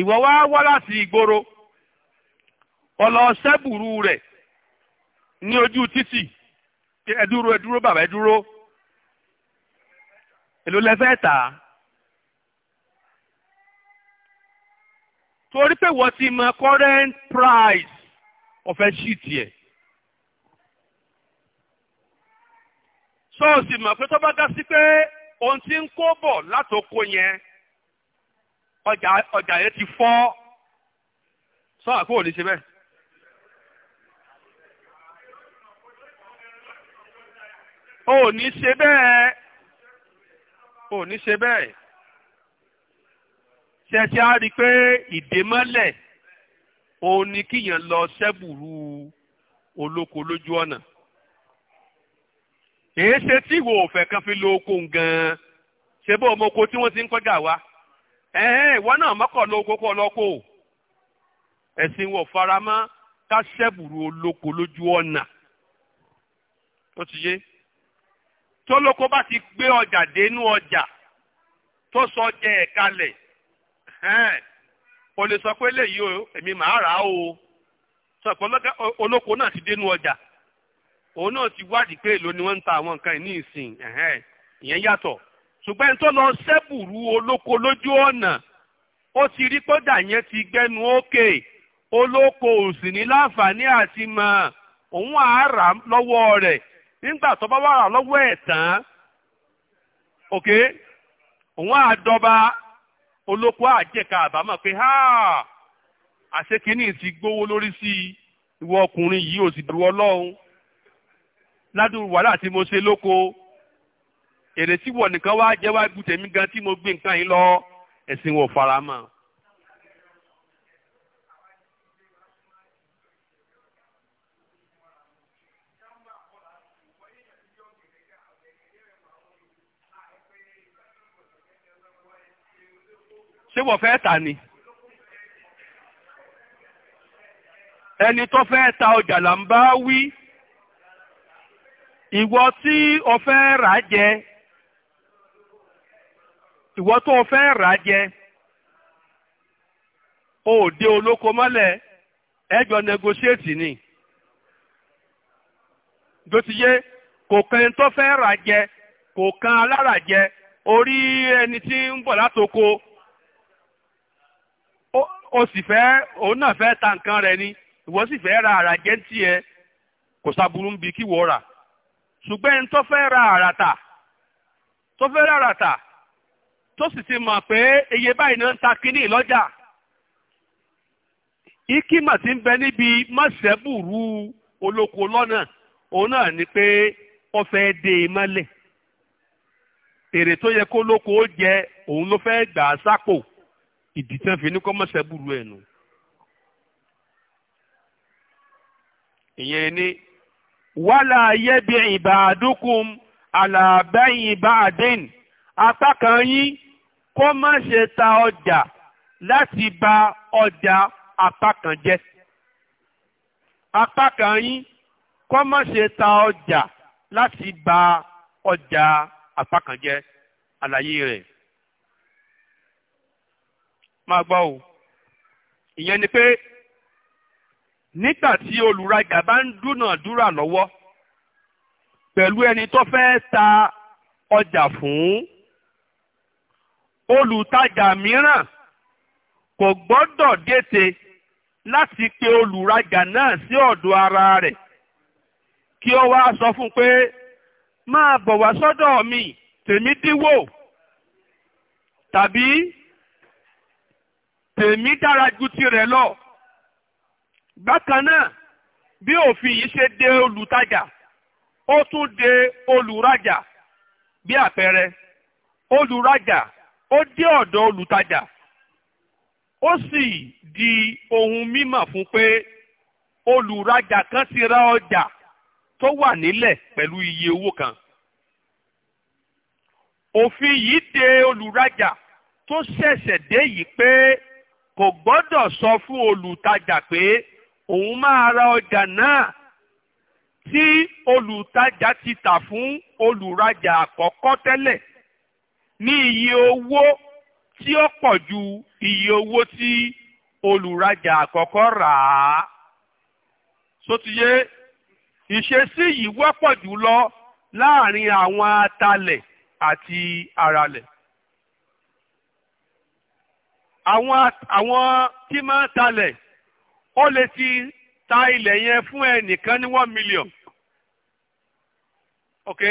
S1: ìwọ wá wá láti ìgboro ọlọ ṣẹ́bùrú rẹ̀ ní ojú títì ẹdúró ẹdúró bàbá ẹdúró. èló lẹ́fẹ́ tà á.
S2: torí pé wọ́n ti mọ current price
S1: ọ̀fẹ́ sheet yẹ. sọ́ọ̀sì mọ̀ pé tó bá dá sí pé ohun tí ń kó bọ̀ látòkó yẹn ọjà ọjà yẹn ti fọ́ sọ́ọ̀ kó o ṣe bẹ́ẹ̀. o ṣe bẹ́ẹ̀ ò ní ṣe bẹ́ẹ̀ ṣẹ̀ṣẹ̀ á rí i pé ìdèmọ́lẹ̀ òun ni kíyàn lọ sẹ́bùrú olóko lójú ọ̀nà èé ṣe tí ìwò òfẹ́ kan fi lo oko gan-an ṣe bó ọmọ oko tí wọ́n ti ń kọjá wa ẹ̀ẹ́n ìwọ náà mọ́kọ̀ lọ oko kọ́ lọ́kọ́ ẹ̀sìn wọ̀ faramọ́ ká sẹ́bùrú olóko lójú ọ̀nà ó ti yé. tólókó bá ti gbé ọjà dénú ọjà tó sọ jẹ ẹ̀ kalẹ̀ o lè sọ pé léyìí o èmi màá o sọ pé olóko náà ti dénú ọjà òun náà ti wádìí pé èlò ni wọ́n ń ta àwọn nǹkan ìní ìsìn ìyẹn yàtọ̀ ṣùgbọ́n ẹni tó lọ sẹ́bùrú olóko lójú ọ̀nà ti rí kódà yẹn ti gbẹnu ókè olóko ò sì ní láǹfààní àti òun nígbà tó bá wà rà lọ́wọ́ ẹ̀ tán òkè òun àdọba olóko àjẹka àbámọ̀ pé ha àṣekínní ti gbówó lórí sí ìwọ ọkùnrin yìí ò sì dúró ọlọ́run ládùúgbò wàhálà tí mo ṣe lóko èrè tí wọ̀ nìkan wá jẹ́ wá gbùtẹ̀mí gan tí mo gbé nǹkan yìí lọ ẹ̀sìn wọ̀ faramọ́. ṣé wọ́n fẹ́ tà ni. ẹni tó fẹ́ ta ọjà là ń bá wí ìwọ tí o fẹ́ rà jẹ ìwọ tó o fẹ́ rà jẹ o ò dé olóko mọ́lẹ̀ ẹjọ́ negotiate ni gbèsìyé kò kan ẹni tó fẹ́ rà jẹ kò kan alárà jẹ orí ẹni tí ń bọ̀ látoko ó sì fẹ́ òun náà fẹ́ ta nǹkan rẹ̀ ni ìwọ sì fẹ́ ra àrà jẹ́ tiẹ̀ kò sábúrú ń bi kí wọ́n rà ṣùgbọ́n ẹni tó fẹ́ ra àrà tà tó fẹ́ ra àrà tà tó sì ti mọ̀ pé iye báyìí ni ó ń ta kínní lọ́jà ikima ti ń bẹ níbi mọ̀sẹ́bùrú olóko lọ́nà òun náà ni pé ó fẹ́ dé e mọ́lẹ̀ èrè tó yẹ kó lóko ó jẹ òun ló fẹ́ gbà á sápò ìdí tán fi ní kọ́mọ̀sẹ̀ burú ẹ̀ nù.
S2: ìyẹn ni wàlà yẹ́bi ìbàdókùn àlàbẹ́yìn ìbàdín apá kan yín kó má ṣe ta ọjà
S1: láti ba ọjà apá kan jẹ́ apá kan yín kó má ṣe ta ọjà láti ba ọjà apá kan jẹ́ àlàyé rẹ̀ máa gbọ́ o ìyẹn ni pé nígbà tí olùrajà bá ń dúnàdúrà lọ́wọ́ pẹ̀lú ẹni tó fẹ́ ta ọjà fún olùtajà mìíràn kò gbọ́dọ̀ dètè láti pe olùrajà náà sí ọ̀dọ̀ ara rẹ̀ kí ó wá sọ fún un pé máa bọ̀ wá sọ́dọ̀ mi tèmi dínwó tàbí tèmi dára ju tirẹ̀ lọ. bákan náà bí òfin yìí ṣe de olùtajà ó tún de olùrajà bí àpẹẹrẹ olùrajà ó dé ọ̀dọ̀ olùtajà ó sì di ohun mímọ̀ fún pé olùrajà kan ti ra ọjà tó wà nílẹ̀ pẹ̀lú iye owó kan. òfin yìí de olùrajà tó ṣẹ̀ṣẹ̀ dé yìí pé kò gbọ́dọ̀ sọ fún olùtajà pé òun máa ra ọjà náà tí olùtajà ti tà fún olùrajà àkọ́kọ́ tẹ́lẹ̀ ní iye owó tí ó pọ̀ ju iye owó tí olùrajà àkọ́kọ́ rà á. sotiye ìṣesí yìí wọ́pọ̀ jùlọ láàrin àwọn atalẹ̀ àti aralẹ̀ àwọn àwọn tí máa ń talẹ̀ ó lè ti ta ilẹ̀ yẹn fún ẹnìkan ní one million ok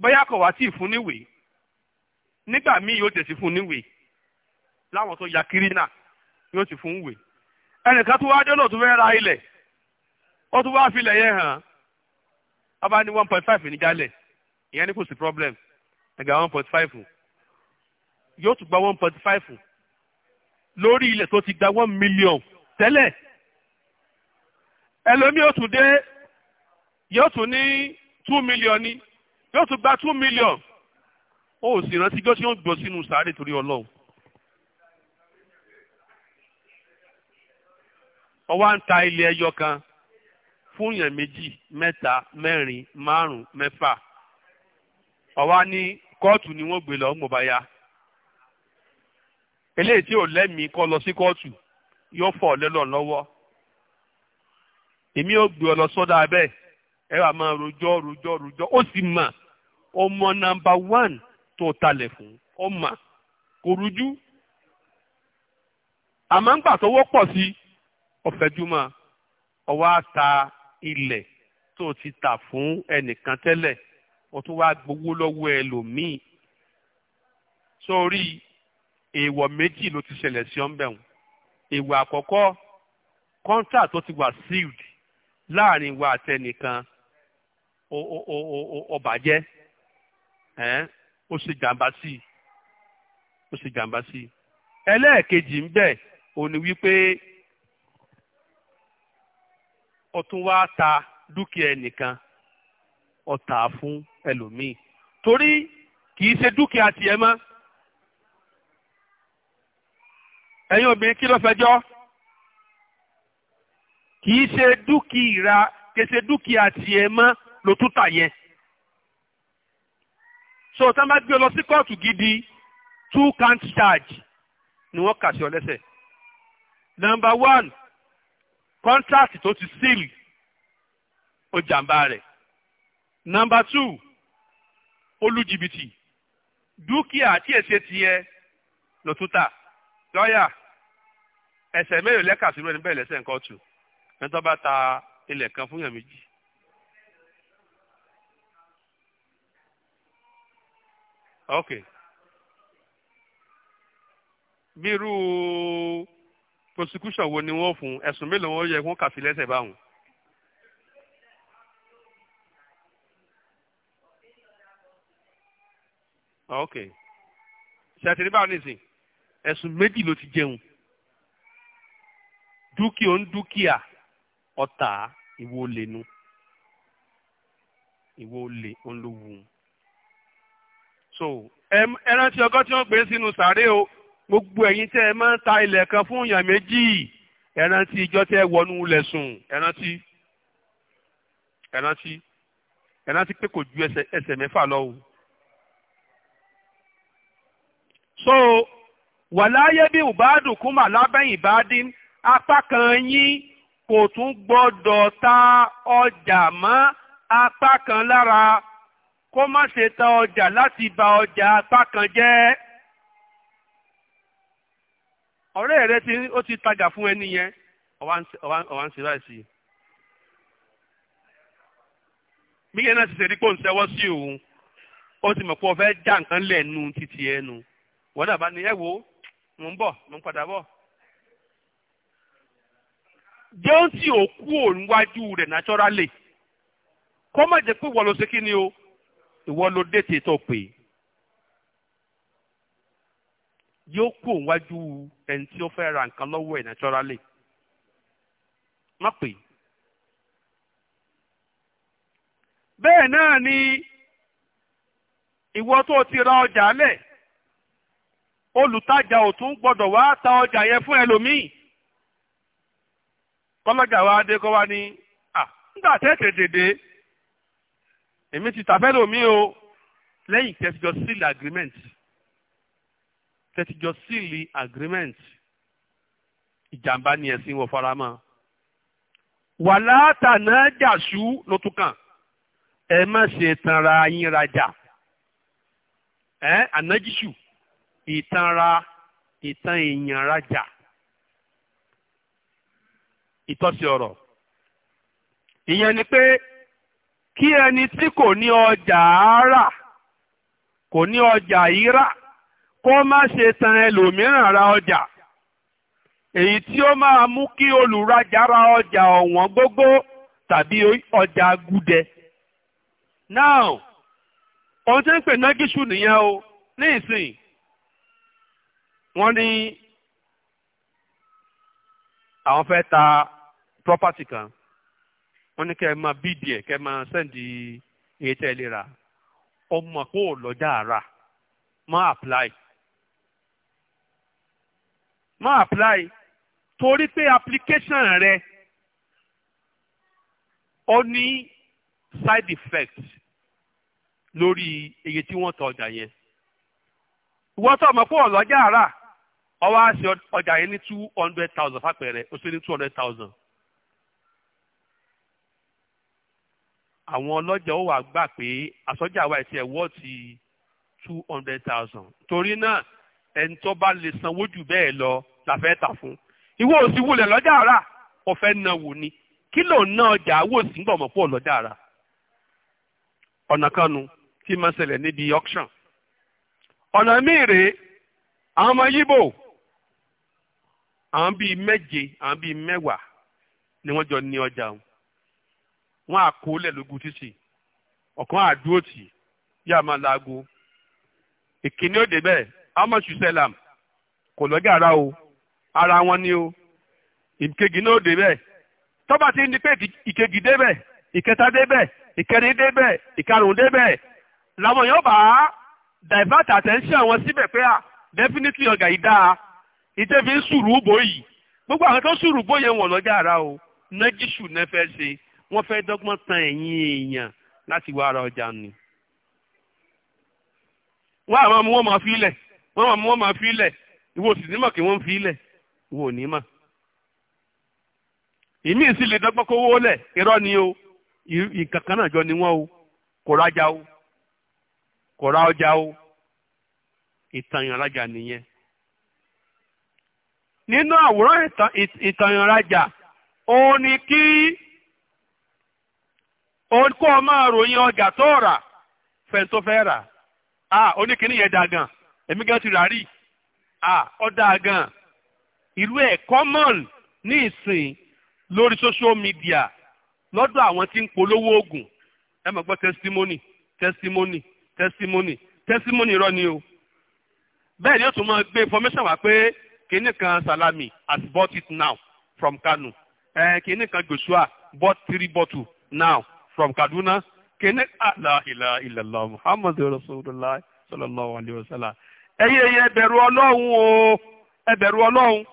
S1: bóyá kò wá sí ìfún níwèé nígbà míì yóò tẹ̀sí fún níwèé láwọn tó ya kiri náà yóò sì fún wèé ẹnìkan tó wá dé náà fẹ́ ra ilẹ̀ ó tún wá filẹ̀ yẹn hàn ọba ní one point five níjàlẹ̀ ìyẹn ní kò sí problem ẹ̀gà one point five yóò tún gba one point five lórí ilẹ̀ tó ti gba one million tẹ́lẹ̀ ẹlòmíì yóò tún dé yóò tún ní two million ni yóò tún gba two million ó sì rántí gbọ́ tí yóò gbọ́ sínú sàárè torí ọlọ́run. ọwọ́ ń ta ilé ẹyọ kan fún yàn méjì mẹ́ta mẹ́rin márùn-ún mẹ́fà ọwọ́ ní kóòtù ni wọ́n gbé lọ mọ̀báyà eléyìí tí ò lẹ́mìí kọ́ lọ sí kóòtù yóò fọ̀ lẹ́lọ̀ lọ́wọ́ èmi ò gbé ọ lọ sọ́dọ̀ abẹ́ ẹ wà máa rojọ́ rojọ́ rojọ́ ó sì mà ọmọ nàmbà wán tó talẹ̀ fún ọmọ kò rújú àmọ́ ń gbà tó wọ́pọ̀ sí ọ̀fẹ́júmọ́ ọwọ́ á ta ilẹ̀ tó ti tà fún ẹnìkan tẹ́lẹ̀ ó tún wá gbowó lọ́wọ́ ẹlòmíì sórí èèwọ̀ méjì ló ti ṣẹlẹ̀ sí ọ́nbẹ̀hún èèwọ̀ àkọ́kọ́ contract tó ti wà sealed láàrin wa àtẹnìkan ó bàjẹ́ ó ṣe jàǹbá sí i ó ṣe jàǹbá sí i ẹlẹ́ẹ̀kejì ń bẹ òun ni wípé ó tún wá ta dúkìá ẹnìkan ó fún ẹlòmíì torí kì í ṣe dúkìá tiẹ̀ mọ́. ẹ̀yin obìnrin kí ló fẹjọ́ kì í ṣe dúkìá kì í ṣe dúkìá tiẹ̀ mọ́ ló tún tà yẹn so tá a bá gbé ọ lọ sí kóòtù gidi two count charge ni wọ́n kà sí ọ lẹ́sẹ̀ number one contract tó ti seal ó jàǹbá rẹ̀ number two olùjìbìtì dúkìá tí èsì tiẹ̀ ló tún tà lọ́ọ̀yà ẹsẹ̀ mélòó lẹ́ka sí lónìí bẹ́ẹ̀ lẹ́sẹ̀ nǹkan tù ní tó bá ta ilẹ̀ kan fún yàn méjì. ok bírú prosecution wo ni wọ́n fún ẹ̀sùn mélòó wọ́n yẹ kó kà sí lẹ́sẹ̀ báwọn. ok ṣe àtìrí báwọn nìsín ẹ̀sùn méjì ló ti jẹun dúkìá ń dúkìá ọ̀tá ìwọ olè nu ìwọ olè ń lò wù ú. so ẹ ọgọ́ tí wọ́n gbé sínú sàárè o gbogbo ẹ̀yin tẹ́ ẹ máa ń ta ilẹ̀ kan fún èèyàn méjì ẹ ìjọ tẹ́ ẹ wọnú ilẹ̀ sùn ẹ rántí ẹ pé kò ju ẹsẹ̀ mẹ́fà lọ so wàláyé bí ìbádùnkún mà lábẹ́yìn bá dín apá kan yín kò tún gbọ́dọ̀ ta ọjà mọ́ apá kan lára kó má ṣe ta ọjà láti ba ọjà apá kan jẹ́. ọ̀rẹ́ rẹ ti ó ti tajà fún ẹni yẹn ọ̀wá ń ṣe báyìí sí i. mílíọ̀nù náà ti ṣe rí pò ń ṣẹ́wọ́ sí òun ó ti mọ̀ pé ó fẹ́ já nǹkan lẹ̀ nu títí ẹnu wọ́n dàbá ni ẹ wo mò ń bọ̀ mò ń padà bọ̀ jẹ́ǹsì ò kú òun wájú rẹ̀ naturally kọ́ má jẹ́ pé ìwọ ló ṣe kí ni o ìwọ ló déètì tó pè yóò kú òun wájú ẹni tí ó fẹ́ ra nǹkan lọ́wọ́ ẹ̀ naturally má pè bẹ́ẹ̀ náà ni ìwọ tó ti ra ọjà lẹ̀ olùtajà ò tún gbọ́dọ̀ wá ta ọjà yẹn fún ẹlòmíì kọ́lọ́jà wa dé kọ́ wa ní à nígbà tẹ́tẹ̀ dèdè èmi ti tàfẹ́ lòmíì o lẹ́yìn tẹ́tìjọ́ sílì agreement tẹ́tìjọ́ sílì agreement ìjàmbá ni ẹ̀sìn wọ faramọ́ wàlá tànájà ṣú ló tún kàn ẹ má ṣe tanra yín rajà ẹ ànájíṣù. Eh? ìtanra ìtàn èèyàn rajà ìtọ́sí ọ̀rọ̀ ìyẹn ni pé kí ẹni tí kò ní ọjà rà kò ní ọjà yìí rà kó má ṣe tan ẹlòmíràn ra ọjà èyí tí ó máa mú kí olùrajà ra ọjà ọ̀wọ́n gógó tàbí ọjà gúdẹ. now ohun tí ń pè nágíṣù nìyẹn o ní ìsìn wọ́n ní àwọn fẹ́ ta property kan wọ́n ní kẹ́ ẹ máa bídìí ẹ̀ kẹ́ ẹ máa sẹ́ǹdì iye tẹ́ ẹ lè rà ọmọ kó o lọ́jà àrà má apply má apply torí pé application rẹ ó ní side effect lórí iye tí wọ́n tọ ọjà yẹn ìwọ́n tó ọmọ kó o lọ́jà àrà ọwọ́ á ṣe ọjà yẹn ní two hundred thousand fàpẹẹrẹ ó ṣe ní two hundred thousand. àwọn ọlọ́jà ó wà gbà pé àsọjà wa ìṣe ẹ̀wọ́ ti two hundred thousand torí náà ẹni tó bá lè sanwó jù bẹ́ẹ̀ lọ la fẹ́ tà fún ìwọ òsì wulẹ̀ lọ́jà rà ọ̀fẹ́ náwó ni kí ló ń ná ọjà wò sí gbọ̀mọ̀ pọ̀ lọ́jà rà ọ̀nà kan nu tí máa ṣẹlẹ̀ níbi auction ọ̀nà míì rèé àwọn ọmọ yíbò àwọn bíi méje àwọn bíi mẹ́wàá ni wọ́n jọ ní ọjà wọn wọ́n á kó lẹ̀ lógun títì ọ̀kan àdúró tì yá máa laago ìkíní òde bẹ́ẹ̀ amasu sẹlam kò lọ́jà ara o ara wọn ni o ìkejì náà òde bẹ́ẹ̀ tọ́ba ti ń pé ìkejì dé bẹ́ẹ̀ ìkẹta dé bẹ́ẹ̀ ìkẹrin dé bẹ́ẹ̀ ìkarùn dé bẹ́ẹ̀ làwọn yóò bá divert attention wọn síbẹ̀ pé à ah, definitely ọ̀gá yìí dáa ìtẹ́ fi ń sùrù gbogbo àwọn tó sùrù bóyè ara o nẹ́gíṣù náà fẹ́ ṣe wọ́n fẹ́ dọ́gbọ́n tan ẹ̀yìn èèyàn láti wá ara ọjà ni. wọ́n àwọn ọmọ wọn máa fi ilẹ̀ wọ́n àwọn ọmọ wọn máa fi ilẹ̀ ìwọ sì nímọ̀ kí wọ́n fi ilẹ̀ ìwọ ò ní mọ̀. ìmí lè dọ́gbọ́n lẹ̀ irọ́ ni o ìkankan náà jọ ni wọ́n o kò rajà o kò ọjà nínú àwòrán ìtàn òun ni kí òun kó o máa ròyìn ọjà tó rà fẹ́ni tó fẹ́ rà á oníkíní yẹn dáa gan èmi gan ti rà rí á ó dáa gan ìlú ẹ̀ common ní ìsìn lórí social media lọ́dọ̀ àwọn tí ń polówó oògùn ẹ máa gbọ́ testimony testimony testimony testimony irọ́ ni o bẹ́ẹ̀ ni ó tún máa gbé information wá pé kìíní kan salami has bought it now from Kano ẹ kìíní kan Joshua bought three bottles now from Kaduna kìíní ah, la ilaha illallah muhammadu rasulullah sallallahu alayhi wa sallam ẹyẹ ẹyẹ ẹ bẹ̀rù Ọlọ́run o ẹ bẹ̀rù Ọlọ́run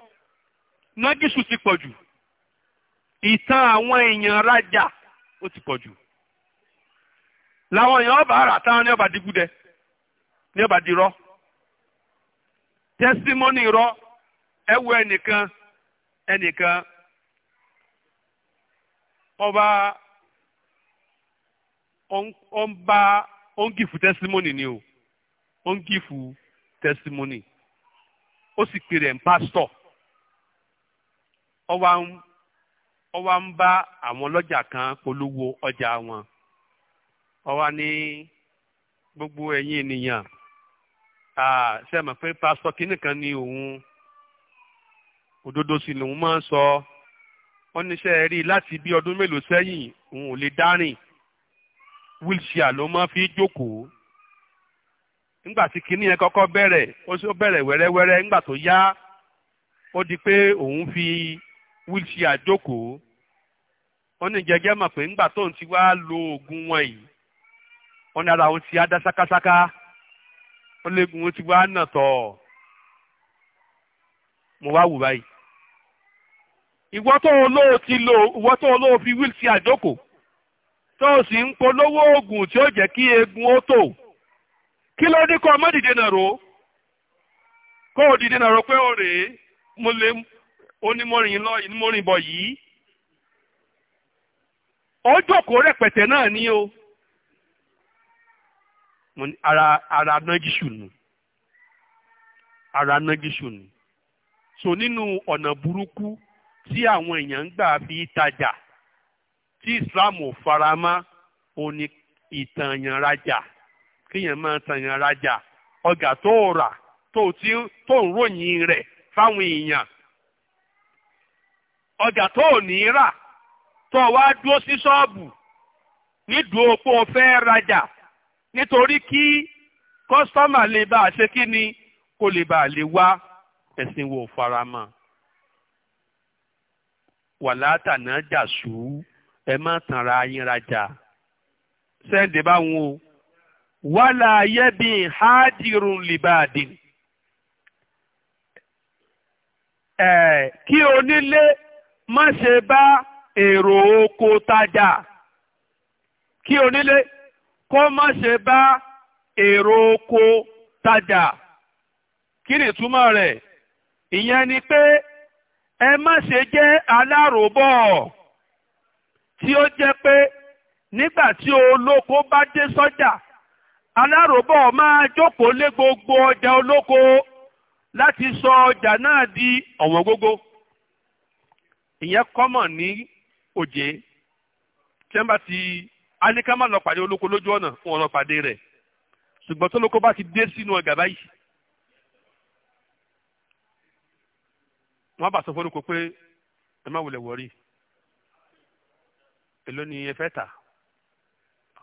S1: nágísù ti pọ̀ jù ìtàn àwọn èèyàn rajà ó ti pọ̀ làwọn èèyàn ọba ara táwọn ní ọba di ní ọba di tẹsítímọ́nì rọ ẹ wo ẹnìkan ẹnìkan ọba ọba ó ń gìfù testimony ni o ó testimony ó sì pè rẹ̀ ń pásítọ̀ ọwa ń ọwa ń bá àwọn ọlọ́jà kan polówó ọjà wọn ọwa ní gbogbo ẹ̀yin ènìyàn ṣe pé pásítọ̀ kìnnìkan ni òun òdodo sì lòun máa ń sọ wọ́n níṣẹ́ rí láti bí ọdún mélòó sẹ́yìn òun ò lè dárìn wheelchair ló máa fi jókòó nígbà tí kinní yẹn kọ́kọ́ bẹ̀rẹ̀ ó bẹ̀rẹ̀ wẹ́rẹ́wẹ́rẹ́ nígbà tó yá ó di pé òun fi wheelchair jókòó wọ́n ní jẹjẹ́ mọ̀ pé nígbà tóun ti wá lo oògùn wọn yìí wọ́n ní òun ti á sákásáká ó léegun ó ti wá nà tọ̀ mo wá wù báyìí ìwọ tó ń lò ti lò ń fi wíìlì sí àjókò tó o sì ń polówó oògùn tí ó jẹ́ kí eegun ó tò kí ló ní kó o má dìde kó o dìde náà ro pé o rèé mo lè onímọ̀rìn lọ yìí rẹpẹtẹ náà ni o ara ara nù ara nájísù nù so nínú ọ̀nà burúkú tí àwọn èèyàn ń gbà fi tajà tí Islam ò fara mọ́ ó ní ìtànyàn rajà kéèyàn máa tànyàn rajà ọjà tó rà tó ti tó ń ròyìn rẹ̀ fáwọn èèyàn ọjà tó ò ní rà tó wá dúró sí ṣọ́ọ̀bù nídùú opó fẹ́ rajà nítorí kí kọ́sítọ́mà lè bá a ṣe kí ni kó lè bá a lè wá ẹ̀sìn wo fara mọ́. Wàlátànà náà jà sú ẹ má tanra yín rajà sẹ́ǹdì báwọn o wàlà ayẹ́bí hádìrún libadin ẹ̀ kí onílé má ṣe bá èrò oko tajà kí onílé kó má ṣe bá èrò oko tajà kí ni ìtumọ̀ rẹ̀ ìyẹn ni pé ẹ má ṣe jẹ́ aláròbọ̀ tí ó jẹ́ pé nígbà tí olóko bá dé sọ́jà aláròbọ̀ máa jókòó lé gbogbo ọjà olóko láti sọ ọjà náà di ọ̀wọ́n gógó ìyẹn kọ́mọ̀ ní òjé tí wọ́n bá ti aníkàmá lọ pàdé olóko lójú ọ̀nà wọn lọ pàdé rẹ̀ ṣùgbọ́n tó lóko bá ti dé sínú ọjà báyìí wọ́n bá sọ fórúkọ pé ẹ má wulẹ̀ wọ̀rí èló ni ẹ fẹ́ tà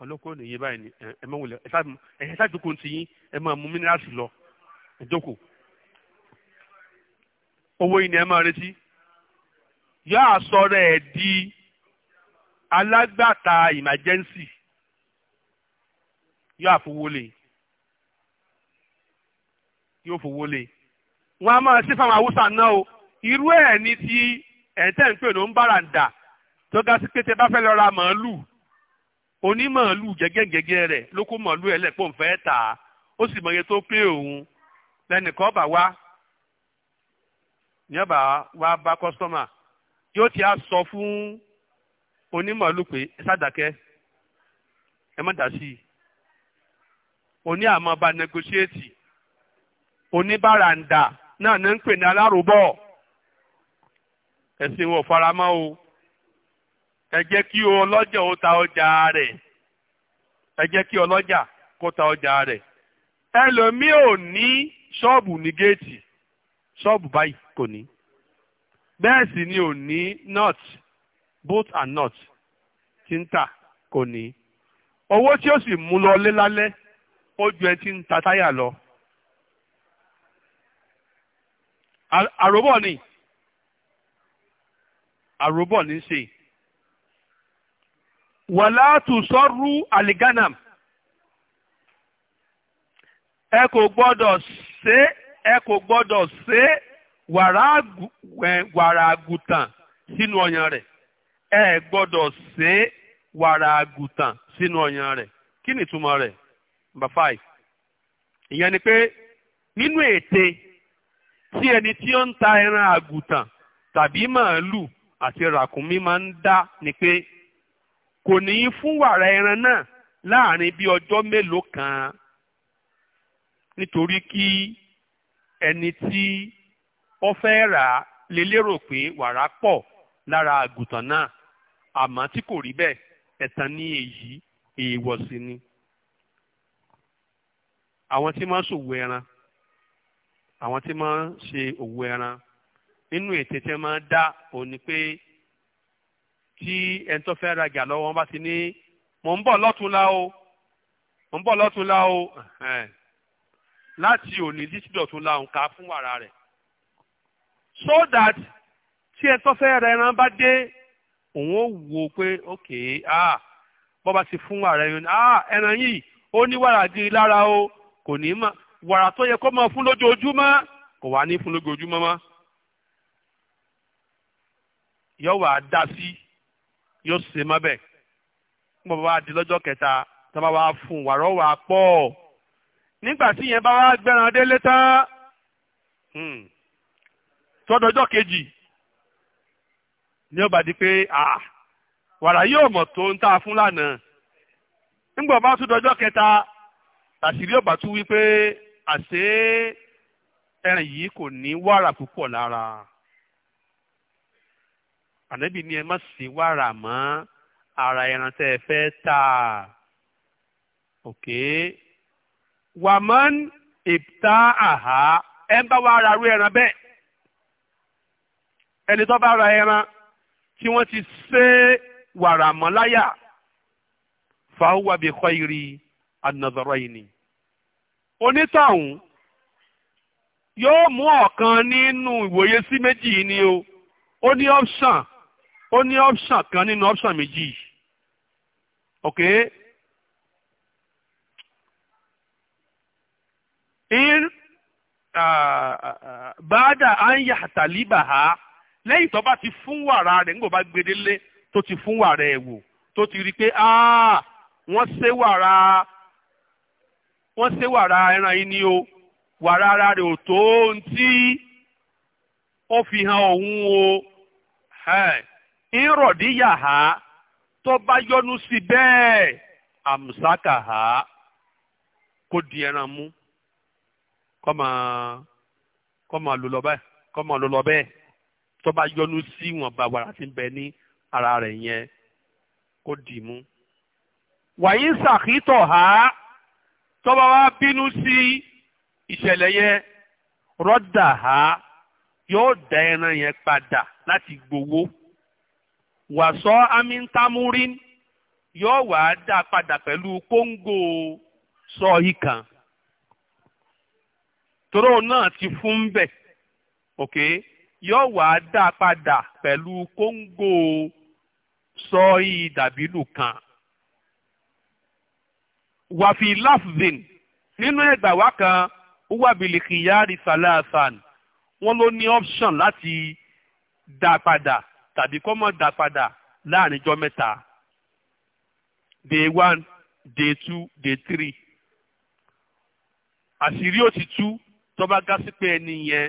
S1: ọlọ́kọ́ nìyí báyìí ni ẹ má wulẹ̀ ẹ ṣáà jókòó ti yín ẹ máa mú minerals lọ ẹ jókòó owó yìí ni ẹ máa retí yóò àsọ̀rọ̀ ẹ̀ di alágbàtà emergency yóò àfowólè yóò fowólè wọn a máa ṣe fáwọn haúsá náà o irú ẹ̀ ní ti ẹ̀ńtẹ́ ń pè ló ń bàràǹdà tó ga sí pé tẹ bá fẹ́ lọ ra màálù onímàálù gẹ́gẹ́gẹ́gẹ́ rẹ̀ ló kó màálù ẹ̀ lẹ́pọ̀ ń fẹ́ tà á ó sì mọye tó pé òun lẹ́nìkan bá wá yẹn bá wá bá kọ́sítọ́mà yóò ti á sọ fún onímàálù pé ẹ sádàkẹ́ ẹ má dà sí i oní àmọ́ bá negotiate oníbàràǹdà náà ní ń pè ní alárùbọ̀ ẹ̀sìn wọn faramọ́ o ẹ jẹ́ kí ọlọ́jà ó ta ọjà rẹ̀ ẹ jẹ́ kí ọlọ́jà kó ta ọjà rẹ̀ ẹlòmíì ò ní ṣọ́ọ̀bù ní géètì ṣọ́ọ̀bù báyìí kò ní bẹ́ẹ̀ sì ni ò ní nut bolt and nut tí ń tà kò ní owó tí ó sì mú lọ lé lálẹ́ ó ju ẹ ti ń ta táyà lọ àròbọ̀ ni àròbọ̀ ní ṣe wàláàtù sọ́rú àlìgánàm ẹ kò gbọ́dọ̀ ṣe ẹ kò gbọ́dọ̀ ṣe wàrà àgùtàn sínú ọyàn rẹ̀ ẹ gbọ́dọ̀ ṣe wàrà àgùtàn sínú ọyàn rẹ̀ kí ni ìtumọ̀ rẹ̀ number five ìyẹn ni pé nínú ète tí ẹni tí ó ń ta ẹran àgùtàn tàbí màálù àti ràkúnmí máa ń dá ni pé kò ní í fún wàrà ẹran náà láàrin bí ọjọ́ mélòó kan nítorí kí ẹni tí ó fẹ́ rà á lè lérò pé wàrà pọ̀ lára àgùntàn náà àmọ́ tí kò rí bẹ́ẹ̀ ẹ̀tàn ní èyí èèwọ̀ sí ni. àwọn tí máa ń ṣòwò ẹran àwọn tí máa ń ṣe òwò ẹran inú ètè tẹ́ máa dá òun ni pé tí ẹni tó fẹ́ rajà lọ́wọ́ wọn bá ti ní mò ń bọ̀ lọ́túnla o mò ń bọ̀ lọ́túnla o láti òní dísìdọ̀túnla òǹkà fún wàrà rẹ̀ so that tí ẹ tó fẹ́ ra ẹran bá dé òun ó wò pé ok ah bọ́ bá ti fún wàrà ẹran ah ẹran yìí ó ní wàrà gírí lára o kò ní mà wàrà tó yẹ kó máa fún lójoojúmọ́ kò wá ní fún lójoojúmọ́ mọ́ yóò wá dá sí yóò ṣe mọ́ bẹ́ẹ̀ nígbà bá wá di lọ́jọ́ kẹta tó bá wá fún wàrọ̀ wà pọ̀ nígbà tí yẹn bá wá gbẹ́ran délé tán hmm, tọ́dọ̀jọ́ kejì ni ó bá di pé wàrà yóò mọ̀ tó ń tà fún lánàá nígbà bá tún dọjọ́ kẹta àṣírí ọ̀bà tún wí pé àṣé ẹran yìí kò ní wàrà púpọ̀ lára ànábì ni ẹ má sì wàrà mọ́ ara ẹran tẹ́ ẹ fẹ́ tà ok wàmọ́n ìta àhá
S2: ẹ ń bá wa ara rú ẹran bẹ́ẹ̀
S1: ẹni tó bá ra ẹran tí wọ́n ti ṣe wàrà mọ́ láyà fàáwà bí khairi an-nazarayni onítọ̀hún yóò mú ọ̀kan nínú ìwòye sí méjì ni o ó ní option ó ní option kan nínú option méjì ok in bàdà anya tàlíbàá lẹ́yìn tó bá ti fún wàrà rẹ̀ ńgbò bá gbedele tó ti fún wàrà ẹ̀ wò tó ti rí i pé ah, wọ́n ṣe wàrà wọ́n ṣe wàrà ẹran yìí ni o wàrà ara rẹ̀ ò tó ohun tí ó fi hàn òun o ìrọ̀díyà ha tó bá yọnu sí bẹ́ẹ̀ àmùsákà ha kó di ẹran mú kọ́ máa kọ́ máa lò lọ bẹ́ẹ̀ kọ́ máa lò lọ bẹ́ẹ̀ tó bá yọnu sí wọn bá wàrà tí ń ní ara rẹ̀ yẹn kó dì mú. wàyí sàkítọ̀ ha tó bá wá bínú sí ìṣẹ̀lẹ̀ yẹn rọ́dà ha yóò dá ẹran yẹn padà láti gbowó wàsọ amintamurin yóò wà á dá padà pẹ̀lú kóńgò sọ́ọ̀yì kan tóró náà ti fún bẹ̀ òkè yóò wà á dá padà pẹ̀lú kóńgò sọ́ọ̀yì dàbílù kan wàfi láfzin nínú ẹgbàá wa kan wàbìlì kìyàrí salasan wọn ló ní option láti dá padà tàbí kó má dá padà láàrin ijọ́ mẹ́ta day one day two day three àṣírí ó ti tú tó bá gá sí pé ẹni yẹn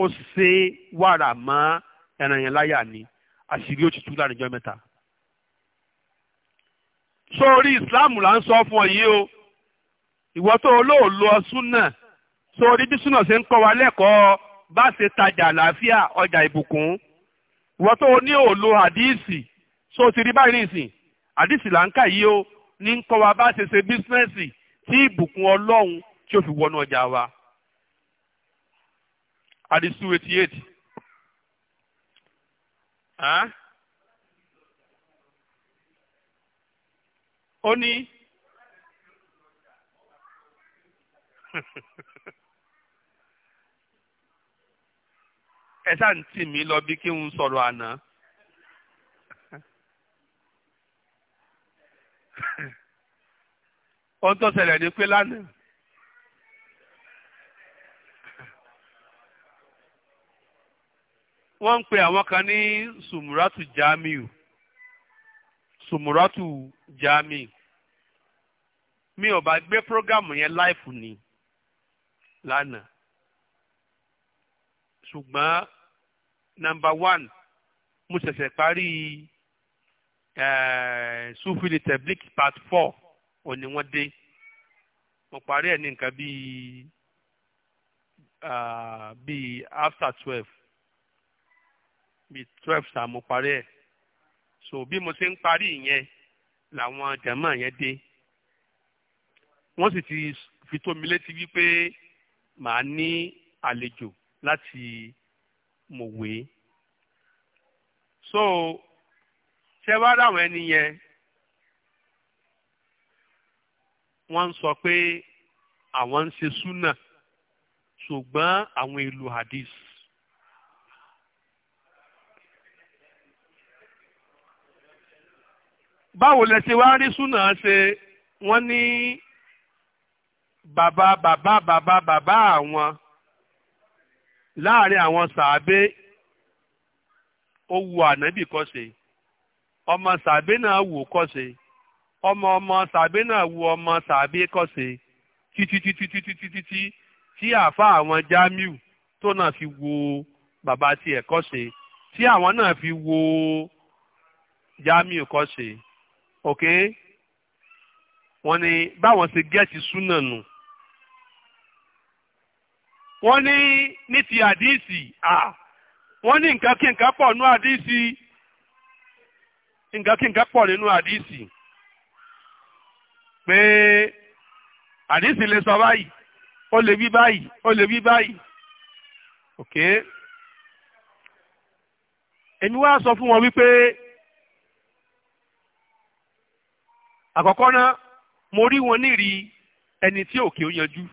S1: ó ṣe wàrà mọ́ ẹran yẹn láyà ni àṣírí ó ti tú láàrin ijọ́ mẹ́ta sórí ìsìláàmù là ń sọ fún ọ yìí o ìwọ tó olóòlò súnà sórí bí súnà ṣe ń kọ́ wa lẹ́kọ̀ọ́ bá ṣe tajà àlàáfíà ọjà ìbùkún wọ́n tó ní òòlù àdíìsì so ti rí báyìí nìsín àdíìsì là ń kà yí o ní ń kọ́ wa bá ṣe ṣe bísínẹ́sì tí ìbùkún ọlọ́run tí ó fi wọnú ọjà wa. àdìsú eighty eight
S2: ó ní. [LAUGHS]
S1: ẹ ṣáà ń tì mí lọ bí kí n sọ̀rọ̀ àná. ohun tó ṣẹlẹ̀ ni pé lánàá. wọ́n ń pe àwọn kan ní sùmùràtù jamiu sùmùràtù jamiu mi ò bá gbé prógámù yẹn láìfù ni lánàá ṣùgbọ́n number one mo ṣẹ̀ṣẹ̀ parí eh, sufili tablik part four òní wọ́n dé mo parí ẹ̀ ní nǹkan bíi ah, bíi after twelve bíi twelve sa mo parí ẹ̀ so bí mo ṣe ń parí ìyẹn làwọn jàmáà yẹn dé wọ́n sì ti fi tó mi létí wípé màá ní àlejò láti mọ̀wé so ṣé wá ráwọn ẹni yẹn wọ́n ń sọ pé àwọn ń ṣe súnà ṣùgbọ́n àwọn ìlú hadith. báwo lẹ ṣe wá rí súnà ṣe wọ́n ní bàbá bàbá bàbá bàbá àwọn láàrin àwọn sàábé ó wu ànábì kọ́ṣe ọmọ sàábé náà wù kọ́ṣe ọmọ ọmọ sàábé náà wu ọmọ sàábé kọ́ṣe títítítítítítítí tí àáfàá àwọn Jamiu tó náà fi wo bàbá tiẹ̀ kọ́ṣe tí àwọn náà fi wo Jamiu kọ́ṣe òkè wọ́n ní báwọn ṣe gẹ́ẹ̀tì súnà nù. No wọ́n ní ní ti àdíìsì à wọ́n ní nǹkan kí nǹkan pọ̀ nínú àdíìsì nǹkan kí nǹkan pọ̀ nínú àdíìsì pé àdíìsì lè sọ báyìí ó lè wí báyìí ó lè wí báyìí ok èmi wá sọ fún wọn wípé àkọ́kọ́ náà mo rí wọn nírìí ẹni tí òkè ó yanjú.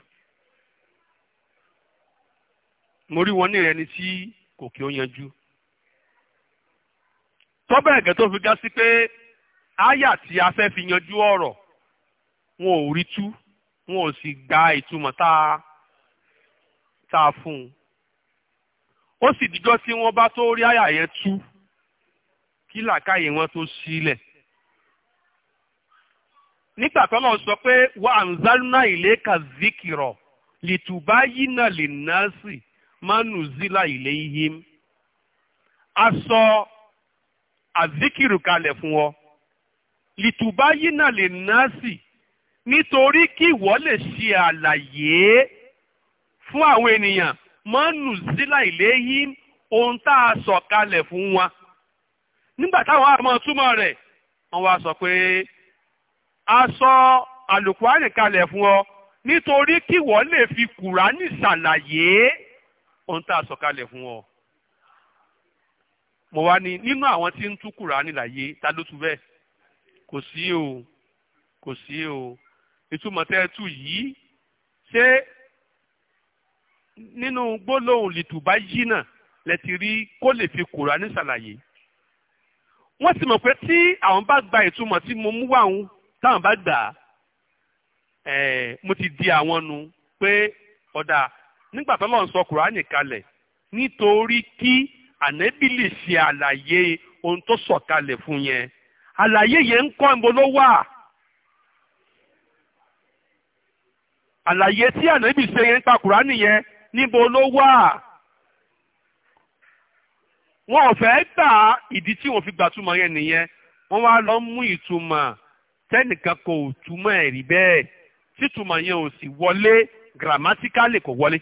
S1: mo rí wọn ní ẹni tí kò kí ó yanjú. tọ́bẹ̀ ẹ̀gẹ́ tó fi ga sí pé áyà tí a fẹ́ fi yanjú ọ̀rọ̀ wọn ò rí tú wọn ò sì gba ìtumọ̀ tá a tá a fún un. ó sì dijọ́ tí wọ́n bá tó rí áyà yẹn tú kí làákàyè wọn tó sílẹ̀. nígbà tó náà sọ pé wa anzalna ilayka zikiro litubayina linnasi manu zila ilayhim a sọ àzíkìrù kalẹ̀ fún ọ lìtùbá yìí náà lè násì nítorí kí ìwọ lè ṣe àlàyé fún àwọn ènìyàn manu zila ilayhim ohun tá a sọ kalẹ̀ fún wa nígbà táwọn àmọ́ túmọ̀ rẹ̀ wọ́n wá sọ pé a sọ àlùkùránì kalẹ̀ fún ọ nítorí kí ìwọ lè fi kùránì ṣàlàyé ohun tá a sọ̀kalẹ̀ fún ọ. mo wá ní nínú àwọn tí ń tú Kùránì láyé ta ló tu bẹ́ẹ̀ kò sí o kò sí o ìtumọ̀ tẹ́ ẹ tú yìí ṣé nínú gbólóhùn lìtùbá yìí náà lẹ ti rí kó lè fi Kùránì ṣàlàyé wọ́n ti mọ̀ pé tí àwọn bá gba ìtumọ̀ tí mo mú wá òun táwọn bá gbà á mo ti di àwọn nu pé ọ̀dà nígbà tó lọ́n sọ kùránì kalẹ̀ nítorí kí ànẹ́bí lè ṣe àlàyé ohun tó sọ kalẹ̀ fún yẹn àlàyé yẹn ń kọ́ ìbò ló wà àlàyé tí ànẹ́bí ṣe yẹn nípa kùránì yẹn níbo ló wà wọn ò fẹ́ gbà ìdí tí wọ́n fi gbà túmọ̀ yẹn nìyẹn wọ́n wá lọ mú ìtumọ̀ tẹ́nìkan kò túmọ̀ ẹ̀rí bẹ́ẹ̀ títúmọ̀ yẹn ò sì wọlé gramatikali kò wọlé.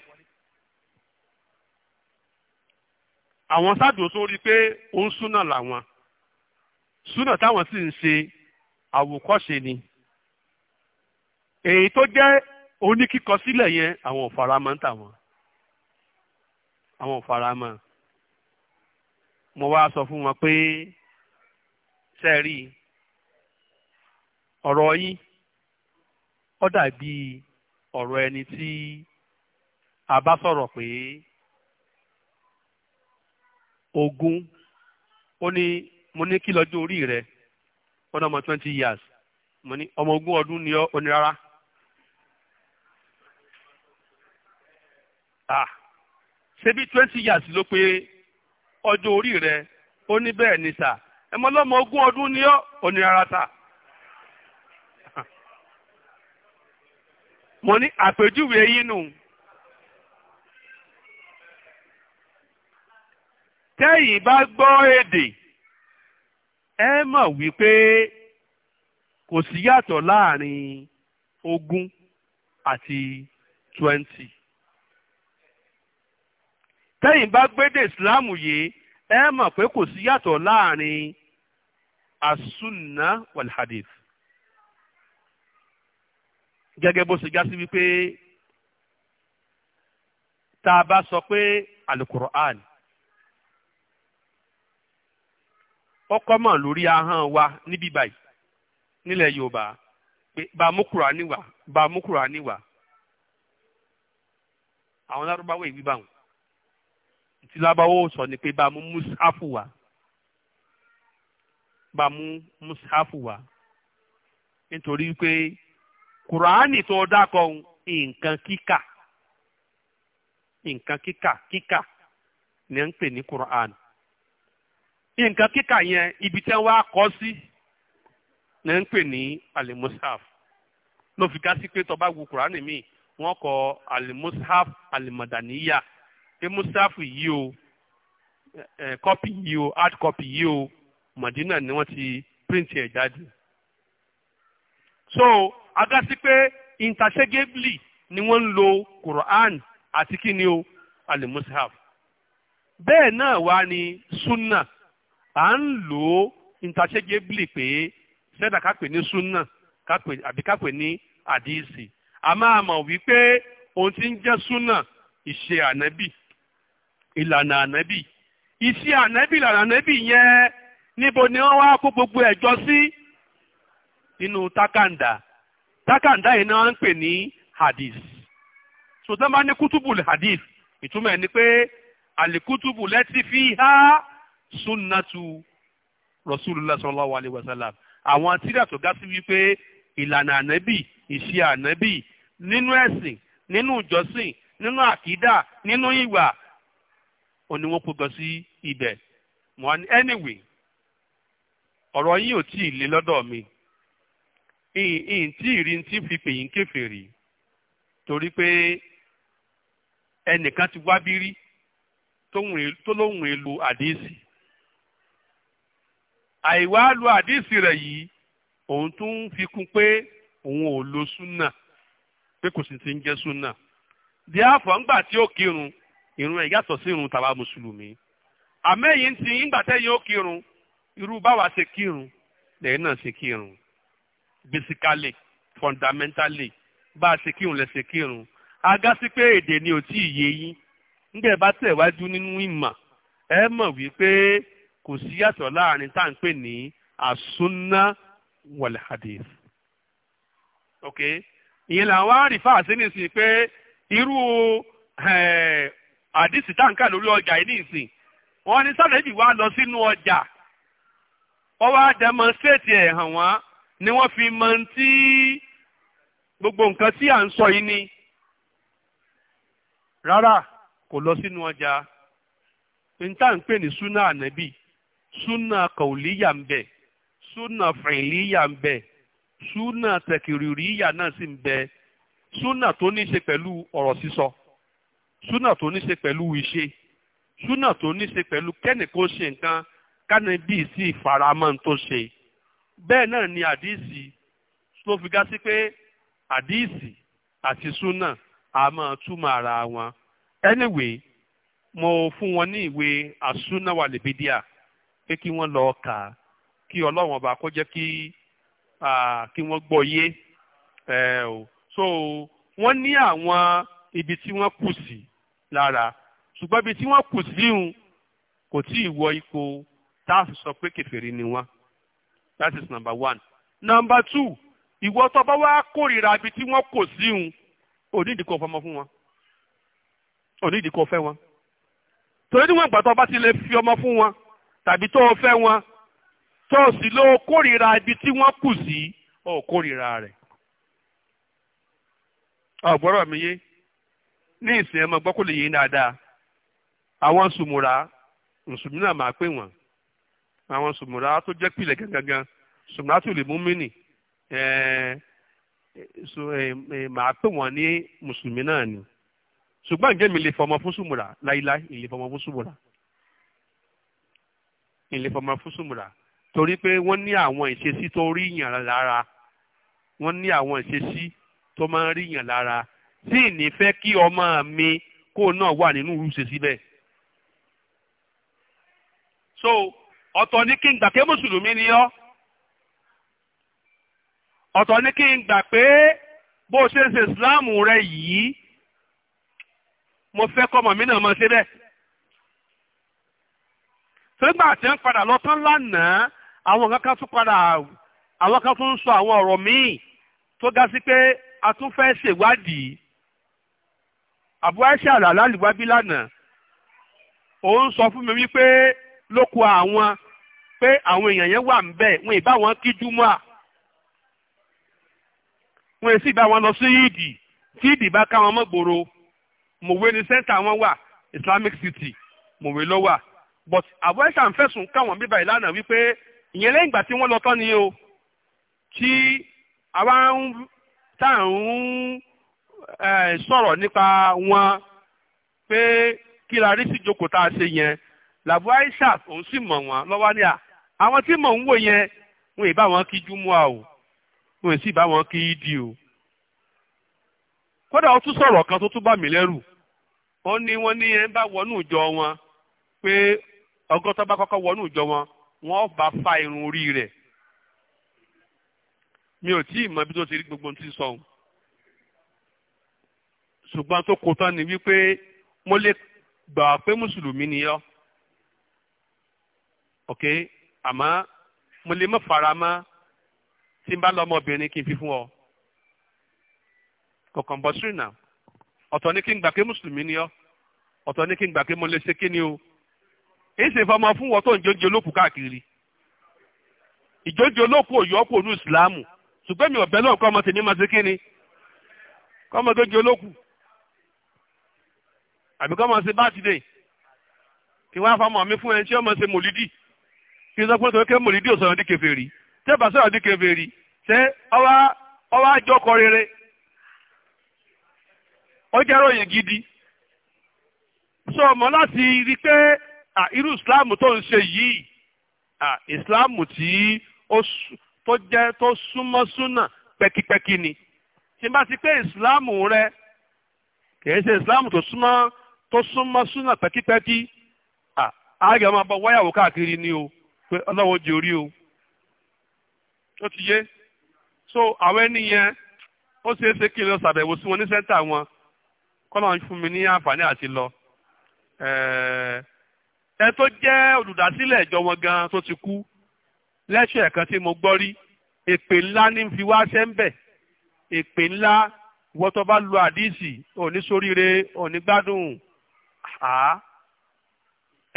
S1: àwọn sádùn sórí pé ó ń súnà làwọn súnà táwọn sì ń ṣe àwòkọ́ṣe ni èyí tó jẹ́ oníkíkọ sílẹ̀ yẹn àwọn òfaramọ́ ń tà wọ́n àwọn òfaramọ́ mo wá sọ fún wọn pé sẹ́ẹ̀rì ọ̀rọ̀ yín ó dàbí ọ̀rọ̀ ẹni tí a bá sọ̀rọ̀ pé. ogun ó ní mo ní kí lọ́jọ́ orí rẹ ó ní ọmọ twenty years mo ní ọmọ ogun ọdún ni ó ní rárá. Ah, ṣebí twenty years ló pé ọjọ́ orí rẹ ó ní bẹ́ẹ̀ ni sà ẹ mọ lọ́mọ ọdún ni ó ní rárá sà. mo ní àpèjúwe yín nù. tẹ́yìn bá gbọ́ èdè ẹ mọ̀ wípé kò sí yàtọ̀ láàrin ogún àti twenty tẹ́yìn bá gbédè ìsìláàmù yìí ẹ mọ̀ pé kò sí yàtọ̀ láàrin asunna walhadith gẹ́gẹ́ bó ṣe já sí wípé tá a bá sọ pé alukur'an ọkọ mọ̀ lórí ahọ́n wa níbí báyìí nílẹ̀ Yorùbá pé bá a mú Kùránì wá bá a mú Kùránì wá àwọn lárúbáwò ìwí báwọn tí lábáwò sọ ni pé bá a mú musafu wá bá a mú musafu wá nítorí pé Kùránì tó dákọ̀ nǹkan kíkà nǹkan kíkà kíkà ni à ń pè ní Kùránì nǹkan kíkà yẹn ibi tí wọ́n á kọ́ sí ní ń pè ní alimusaf ló fi gá sí pé tó bá wo kùránì míì wọ́n kọ alimusaf alimadaniya pé musaf yìí o kọ́pì yìí o hard copy yìí o Madina ni wọ́n ti print ẹ̀ jáde. so agá sí pé interchangeably ni wọ́n ń lo quran àti kí ni o alimusaf bẹ́ẹ̀ náà wá ní sunna à ń lò ó interchangeably pé sẹ́dà ká pè ní súnà àbí ká pè ní àdìsí a máa mọ̀ wípé ohun ti ń jẹ́ súnà ìṣe ànábì ìlànà ànábì ìṣe ànábì ìlànà ànábì yẹn níbo ni wọ́n wá kó gbogbo ẹ̀jọ́ sí nínú takanda takanda yìí ni wọ́n ń pè ní hadith so tí wọ́n bá ní kútùbù hadith ìtumọ̀ ẹ̀ ni pé àlìkútùbù lẹ́tí fi há sunnatu rasulillah sallallahu alaihi wa sallam àwọn tíra tó ga sí wípé ìlànà ànábì ìṣe ànábì nínú ẹ̀sìn nínú ìjọsìn nínú àkídà nínú ìwà òní wọn kó gan sí ibẹ̀ wọn anyway ọ̀rọ̀ yìí ò tí ì lé lọ́dọ̀ mi ìyìn tí ìrì tí fi pè yín kèfèrí torí pé ẹnìkan ti wá bí rí tó lóhùn èlò àdéhìsì àìwá lu àdìsí rẹ̀ yìí òun tún ń fi kún pé òun ò lo súnà pé kò sì ti ń jẹ́ súnà díàfọ̀ ńgbà tí ó kírun irun ẹ̀ yàtọ̀ sí irun tàwa mùsùlùmí àmẹ́yìn ti ńgbà tẹ́yìn ó kírun irú báwa ṣe kírun lẹ́yìn náà ṣe kírun basically fundamentally bá a ṣe kírun lẹ kírun aga sí pé èdè ni ò tí ì yé yín nígbà bá tẹ̀wájú nínú ìmọ̀ ẹ mọ̀ wípé kò sí yàtọ̀ láàrin tá à ń pè ní àsúná wal hadith ok ìyẹn làwọn á rí fáàsì nísìnyí pé irú eh, àdìsí táǹkà lórí ọjà yìí nísìnyí wọ́n ní wá lọ sínú ọjà ó wá dẹmọ́sítréètì Ẹ hàn wá ni wọ́n fi mọ tí gbogbo nǹkan tí à ń sọ yìí ni rárá kò lọ sínú ọjà níta ń ní Suna kọ̀ọ̀lìyà ń bẹ súnà fìlíyà ń bẹ súnà tẹ̀kìrìríyà náà sì ń bẹ súnà tó ní ṣe pẹ̀lú ọ̀rọ̀ sísọ súnà tó ní ṣe pẹ̀lú ìṣe súnà tó ní ṣe pẹ̀lú kẹ́nì kó ṣe nǹkan kánì bí sí ìfaramọ́ tó ṣe náà ni àdíìsì tó fi gá sí pé àdíìsì àti súnà a máa túmọ̀ ara wọn anyway mo fún wọn ní ìwé àsúnáwàlẹ̀bídíà pé kí wọ́n lọ kà á kí ọlọ́wọ́n ọba kó jẹ́ kí kí wọ́n gbọ́ yé so wọ́n ní àwọn ibi tí wọ́n kù sí lára ṣùgbọ́n ibi tí wọ́n kù sí ń kò tí ì wọ ipò tá sọ pé kèfèrí ni wọ́n that is number one number two ìwọ tó bá wá kórìíra ibi tí wọ́n kò sí ń onídìí kò fọmọ fún wọn onídìí kò fẹ́ wọn torí níwọ̀n ìgbà tó bá ti lè fi ọmọ fún wọn tàbí tó o fẹ́ wọn tó o sì lọ kórìíra ibi tí wọ́n kù sí o kórìíra rẹ̀. ọ̀gbọ́rọ̀ mi yé ní ìsìn ẹ̀mọ́ gbọ́ kó lè yé dáadáa àwọn sùmùrà mùsùlùmí náà máa pè wọ́n àwọn sùmùrà tó jẹ́ pìlẹ̀ gangan sùmùrà tó lè mú mí màá pè wọ́n ní mùsùlùmí náà ni ṣùgbọ́n ǹjẹ́ mi lè fọmọ fún sùmùrà láíláí ìlè fọmọ fún sùmùrà ìlẹ́fọ̀mọ́ fúsùmùrà torí pé wọ́n ní àwọn ìṣesí tó rí yàn lára wọ́n ní àwọn ìṣesí tó máa ń rí yàn lára tí ìní fẹ́ kí ọmọ mi kó náà wà nínú ìrúṣe síbẹ̀. so ọ̀tọ̀ ní kí n gbà pé mùsùlùmí ni ọ́ ọ̀tọ̀ ní kí n gbà pé bó ṣe ń ṣe ìsìláàmù rẹ yìí mo fẹ́ kọ́ mọ̀mí náà máa ṣe bẹ́ẹ̀. nígbà tí ń padà lọ tán lánàá àwọn kan kan tún padà àwọn kan tún ń sọ àwọn ọ̀rọ̀ míì tó ga sí pé a tún fẹ́ ṣèwádìí àbúráṣẹ́ àlàlá lìwábí lánàá òun sọ fún mi wípé lóko àwọn pé àwọn èèyàn yẹn wà ń bẹ̀ wọn ì bá wọn kí júmọ́ à wọn ì sì bá wọn lọ sí yídì tí yídì bá ká wọn mọ́ gbòòrò mòwe ni sẹ́ńtà wọn wà Islamic City mòwe ló wa. but àwọn ẹ̀ṣà ń fẹ̀sùn káwọn bíbá ìlànà wípé ìyẹn lẹ́yìn ìgbà tí wọ́n lọ tán ni o tí àwa ń tá à ń sọ̀rọ̀ nípa wọn pé kí la rí sí ìjókòó tá a ṣe yẹn làbú aisha òun sì mọ̀ wọ́n lọ́wọ́ ní à àwọn tí mò ń wò yẹn wọn ì bá wọn kí júmọ́ à o wọn sì bá wọn kí ídì o kódà ó tún sọ̀rọ̀ kan tó tún bà mí lẹ́rù ó ní wọ́n ní ẹ ń bá wọnú ìjọ wọn pé ọgọ́ tó bá kọ́kọ́ wọnú ìjọ wọn wọn bá fa irun orí rẹ̀ mi ò tí ì mọ ibi tó ti rí gbogbo tí ń sọ ohun ṣùgbọ́n tó kó tán ni wípé mo lè gbà pé mùsùlùmí ni ọ́ ok àmọ́ mo lè má fara mọ́ tí n bá lọ ọmọbìnrin kí n fi fún ọ kọ̀kan bọ́ sírìnà ọ̀tọ̀ ni kí n gbà pé mùsùlùmí ni ọ́ ọ̀tọ̀ ni kí n gbà pé mo lè ṣe kí ni o. èyí sì fọmọ fún wọn tó ń jóúnjẹ olókùú káàkiri ìjóúnjẹ olókùú òyọ́pọ̀ ní ìsìláàmù mi ò náà ọmọ tèmi ma ṣe kí ni ọmọ tó jẹ àbí kọ́ ọmọ ṣe bátidé kí wọ́n á mi fún ẹni tí ọmọ ṣe kí sọ pé ò bá ọwá rere ó jẹ́ ròyìn gidi sọ ọmọ láti rí pé irú ìsìláàmù tó ń ṣe yìí ìsìláàmù tí tó jẹ́ tó súnmọ́ súnà pẹ́kípẹ́kí ni tí bá ti pé Islamu rẹ kìí ṣe ìsìláàmù tó súnmọ́ tó súnmọ́ súnà pẹ́kípẹ́kí ààrẹ máa bọ wáyàwó káàkiri ni o pé ọlọ́wọ́ di orí o ó ti yé so àwọn ẹni yẹn ó ṣeé ṣe kí n lọ ṣàbẹ̀wò sí wọn ní sẹ́ńtà wọn kọ́nà fún mi ní àǹfààní àti lọ ẹ tó jẹ́ olùdásílẹ̀ ìjọ wọn gan tó ti kú lẹ́sẹ̀ kan tí mo gbọ́ rí èpè ńlá ní fi wá sẹ́ńbẹ̀ èpè ńlá wọ́n tó bá lu àdíìsì òní ṣoríire òní gbádùn á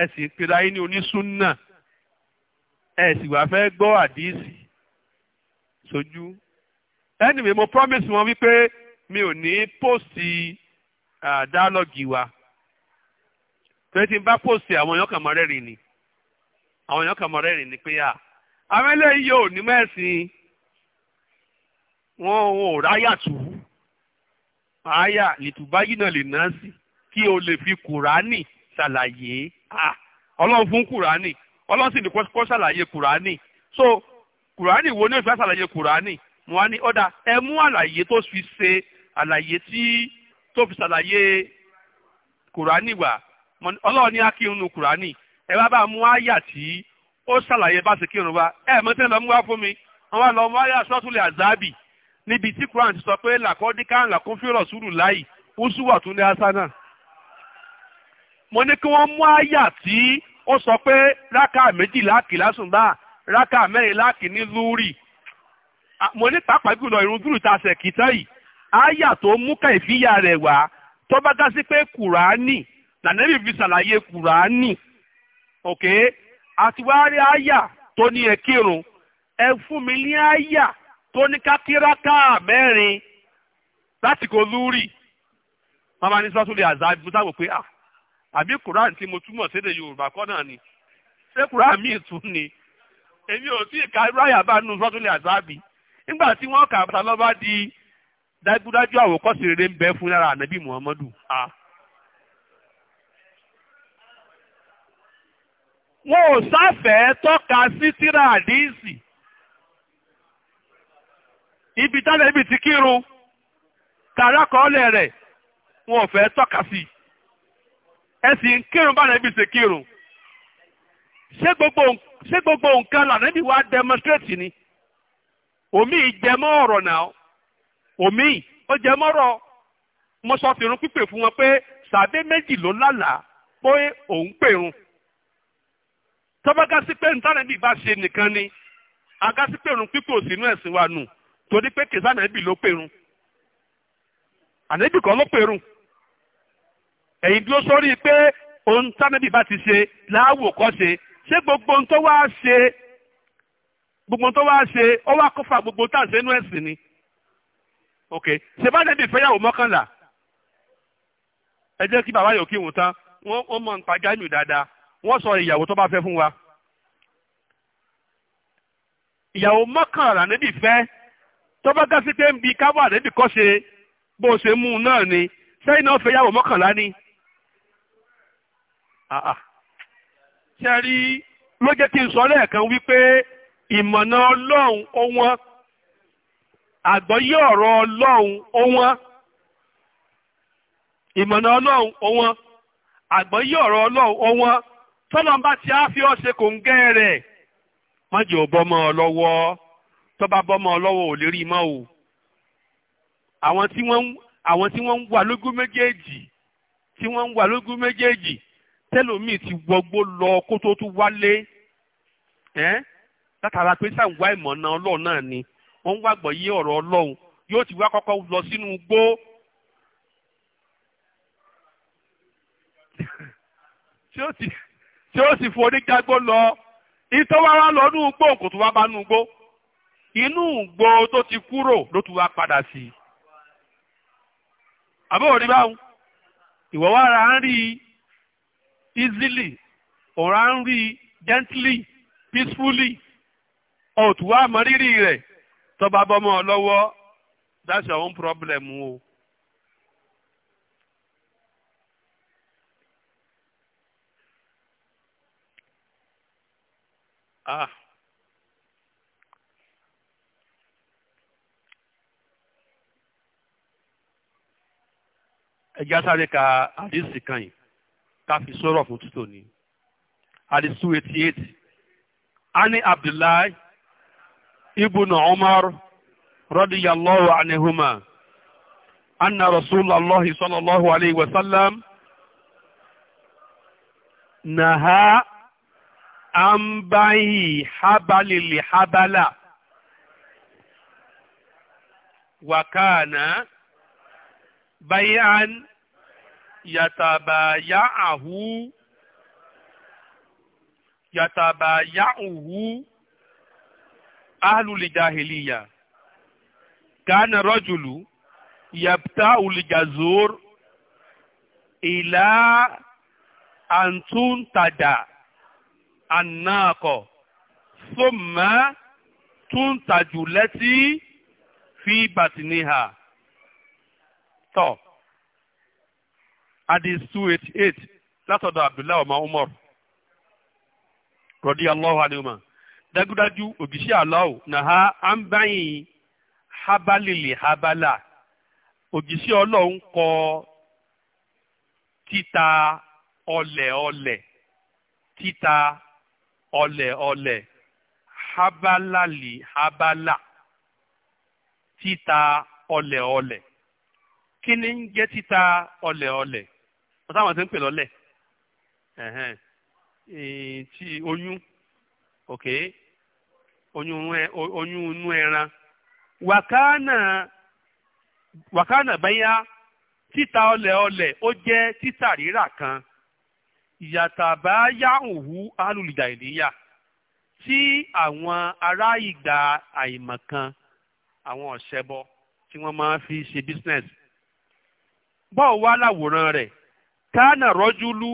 S1: ẹ sì pera yín ní onísúnnà ẹ sì wá fẹ́ gbọ́ àdíìsì sójú anyway mo promise wọn wípé mi ò ní post dialogue wa tẹ́lẹ̀ tí n bá pòsì àwọn èèyàn kan mọ̀ rẹ́rìn ni àwọn èèyàn kan mọ̀ rẹ́rìn ni pé à àwọn eléyìí yóò ní mẹ́sìn wọn ò ráyà tù ú àáyà lìtùbáyì náà lè ná sí kí o lè fi kùránì ṣàlàyé ọlọ́run fún kùránì ọlọ́run sì ní kó ṣàlàyé kùránì so kùránì wo ni o fi ṣàlàyé kùránì mo wá ní ọ̀dà ẹ mú àlàyé tó fi ṣe àlàyé tí tó fi ṣàlàyé kùránì wá ọlọ́run ní akírun nu kùránì ẹ bá bá mú àyà tí ó ṣàlàyé bá ṣe kírun wa ẹ mọ tẹ́lẹ̀ mú wá fún mi wọ́n wá lọ mú àyà sọ́túnlẹ̀ àzábì níbi tí kùránì ti sọ pé làkọ́díkà làkún fírọ̀ sùúrù láì húṣùwà tún ní asánà. mo ní kí wọ́n mú àyà tí ó sọ pé rákà méjì láàkì lásùnbà rákà mẹ́rin láàkì ní lúrì mo ní pàápàá jùlọ irun ta ṣẹ̀kítà yìí àyà tó mú kàìfíyà rẹ̀ wá tó bá dá sí pé kùránì lànàbì fi ṣàlàyé kùránì òkè àtiwárí àyà tó ní ẹ ẹ fún mi ní àyà tó ní kákíráká mẹ́rin láti kò lúrì mama ní sọ́tún àzá ibi táwọn pé à àbí kùránì tí mo túmọ̀ yorùbá kọ́ ni ṣé kùránì míì tún ni èmi ò tí ka ráyà bá nù àzá nígbà tí di dájúdájú rere ń fún wọn ò sáfẹ́ tọ́ka sí tíra àdíìsì ibi tálẹ̀ ibi ti kírun tààràkọọ́lẹ̀ rẹ̀ wọn ò fẹ́ tọ́ka sí ẹ sì ń kírun bá nàbí ṣe kírun ṣé gbogbo nǹkan lànàbí wa demonstrate ni omi ìjẹmọ́ ọ̀rọ̀ náà omi ó jẹmọ́ ọ̀rọ̀ mo sọ fìrún pípè fún wọn pé sàbẹ méjì ló lálàá pé òun pèrun tọ́bágá sí pé ntánẹ́bì bá ṣe nìkan ni agá sí pèrún pípò sínú ẹ̀sìn wa nù torí pé kìsánẹ́bì ló pèrún ànẹ́bì kan ló pèrún èyí dúró sórí pé ohun tánẹ́bì bá ti ṣe láàwò kọ́ ṣe ṣé gbogbo ohun tó wá ṣe gbogbo ohun wá ṣe ó wá kófà gbogbo tá à ń ṣe inú ẹ̀sìn ni ok ṣe bá nẹ́bì fẹ́yàwó mọ́kànlá ẹ jẹ́ kí bàbá yòókì wò tán wọ́n mọ̀ nípa jáìmù dáadáa wọ́n sọ ìyàwó tó bá fẹ́ fún wa ìyàwó mọ́kànlá níbi fẹ́ tó bá gá sí pé ń bi káwọ́ àdébì kọ́ ṣe bó ṣe mú un náà ni sẹ́yìn náà fẹ́ yàwó mọ́kànlá ni. ṣe rí ló jẹ́ kí n sọ lẹ́ẹ̀kan wípé ìmọ̀nà ọlọ́run ó wọ́n àgbọ́yé ọ̀rọ̀ ọlọ́run ó wọ́n ìmọ̀nà ọlọ́run ó wọ́n àgbọ́yé ọ̀rọ̀ ọlọ́run ó wọ́n. tọ́lọ́n bá ti á fi ọ́ kò ń gẹ́ rẹ̀ mọ́jọ́ ò bọ́mọ ọ lọ́wọ́ tọ́ba bọ́mọ ọ lọ́wọ́ ò lè rí mọ́ o àwọn tí wọ́n ń wà lógún méjèèjì tí wọ́n ń wà lógún méjèèjì tẹ́lòmíì ti wọgbó lọ kó tó tún wálé ẹ́ látara pé sàǹwá ìmọ̀ náà ọlọ́run náà ni wọ́n ń wàgbọ̀ yí ọ̀rọ̀ ọlọ́run yóò ti wá kọ́kọ́ lọ sínú igbó [LAUGHS] tí ó ti tí ó sì forí jágbó lọ ìtọ́wá wa lọ ní ugbó kò tún wá bá ní ugbó inú ugbó tó ti kúrò ló tún wá padà sí i. àbẹ̀wò rí báwọn ìwọ wa ra ń rí easily òun ń rí gently peacefully òtún wa mọ rírì rẹ̀ tọ́ba bọ́mọ lọ́wọ́ that's your own problem o. Oh. Ah. ẹjá sáré ka àdìsí kan yìí ká fi sọ̀rọ̀ fún títò ní àdìsí two eighty eight ani abdullahi ibnu umar radiyallahu anihuma anna rasulallah sallallahu alayhi wa sallam ha. ambahi habalili habala wakana bayan yatabayaahu yatabayauhu ahlul jahiliya kana rajulu yabta'u al-jazur ila an tuntada الناقة ha تنتج التي في بطنها طب hadith two eight eight abdullahi ọmọ umar rọ̀dí allahu anuma dájúdájú obisi aláwọ̀ habalili habala obisi ọlọrun kọ títa ọlẹ ọlẹ tita ọ̀lẹ̀ ọ̀lẹ̀ habalali habala títa ọ̀lẹ̀ ọ̀lẹ̀ kí ni ń jẹ́ títa ọ̀lẹ̀ ọ̀lẹ̀ wọ́n táwọn ti ń pè lọ́lẹ̀ ti oyún ok oyún inú ẹran wàkánà wàkánà títa ó títà rírà kan. yàtàbá yáhùnhù alùlìjà ìdíyà tí àwọn ará ìgbà àìmọ̀kan àwọn ọ̀ṣẹ́bọ tí wọ́n máa fi ṣe business bọ́ọ̀ wá láwòrán rẹ̀ kánà rọ́júlú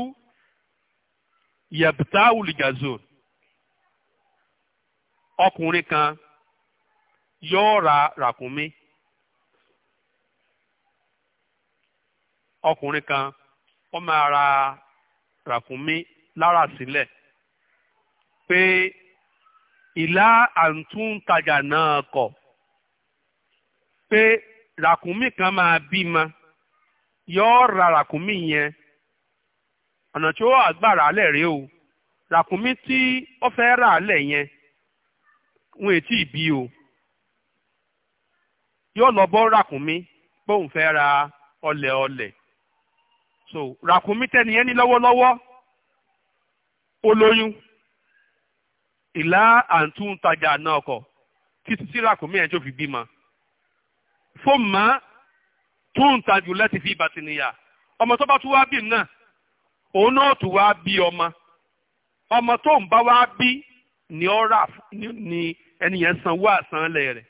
S1: yẹ̀bùtá olùjàzò ọkùnrin kan yóò ra ràkúnmí ọkùnrin kan ó máa ra ràkúnmí lára sílẹ̀ pé ìlà àtúntajà náà kọ̀ pé ràkúnmí kan máa ma yóò ra ràkúnmí yẹn ọ̀nà tí ó àgbàrá lẹ̀ rèé o ràkúnmí tí ó fẹ́ rà lẹ̀ yẹn wọn ètí ìbí o yóò lọ bọ́ ràkúnmí bóun fẹ́ ra ọlẹ̀ ọlẹ̀ so ràkúnmí tẹ́niyẹn ní lọ́wọ́lọ́wọ́ ó lóyún ìlà àǹtúntajà náà kọ títí tí ràkúnmí ẹ̀ tó fi bímọ fóònù mọ́ túntàjù láti fi ìbàtì nìyà ọmọ tó bá tún wá bí náà òun náà tún wá bí ọmọ ọmọ tó ń bá wá bí ni ọ rà ni ẹnìyẹn sanwó àsanlẹ̀ rẹ̀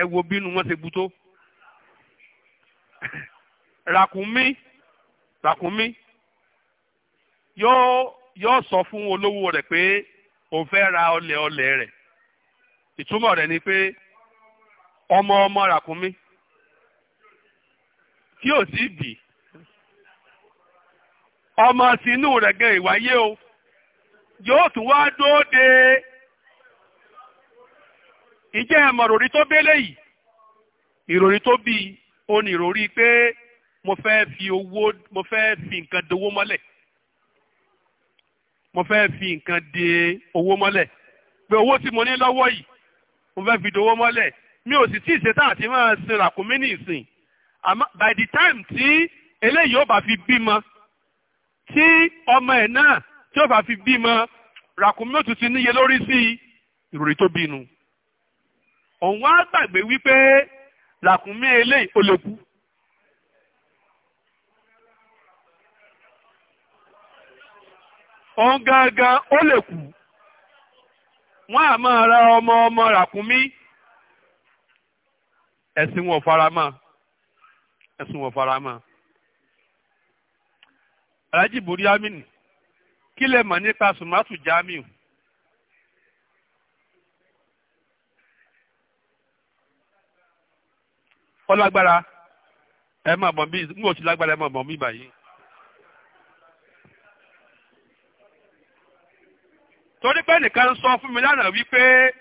S1: ẹ wo bínú wọn ti bu tó [LAUGHS] ràkúnmí ràkúnmí yóò yóò sọ fún olówó rẹ pé o fẹ́ ra ọlẹ̀ ọlẹ̀ rẹ̀ ìtumọ̀ rẹ̀ ni pé ọmọ ọmọ ràkúnmí tí ò sí bì ọmọ sínú rẹ̀ gẹ ìwáyé o yóò tún wá dóde ìjẹ́ ẹ̀mọ̀ ròrí tó bélé yìí ìròrí tó bí i ó ní ìròrí pé mo fẹ́ fi owó mo fẹ́ fi nǹkan dowó mọ́lẹ̀ mo fẹ́ fi nǹkan de owó mọ́lẹ̀ pé owó tí mo ní lọ́wọ́ yìí mo fẹ́ fi dowó mọ́lẹ̀ mi ò sì tí ì ṣetán àti máa sin ràkúnmí ní ìsìn by the time tí eléyìí ó bá fi bímọ tí ọmọ ẹ̀ náà tí ó bá fi bímọ ràkúnmí ó tún ti níye lórí sí ìròrí tó bínú òun wá gbàgbé wípé ràkúnmí eléyìí ó lè kú. òun gangan ó lè kú wọ́n á máa ra ọmọ ọmọ ràkúnmí ẹ̀sìn wọn faramọ́ ẹ̀sìn wọn faramọ́ alhaji bori amini kí lè mọ̀ nípa sùmátù jamiu. ọlágbára ẹ máa bọ̀ bí n lágbára ẹ máa bọ̀ bí báyìí. torí pé nìkan ń sọ fún mi lánàá wípé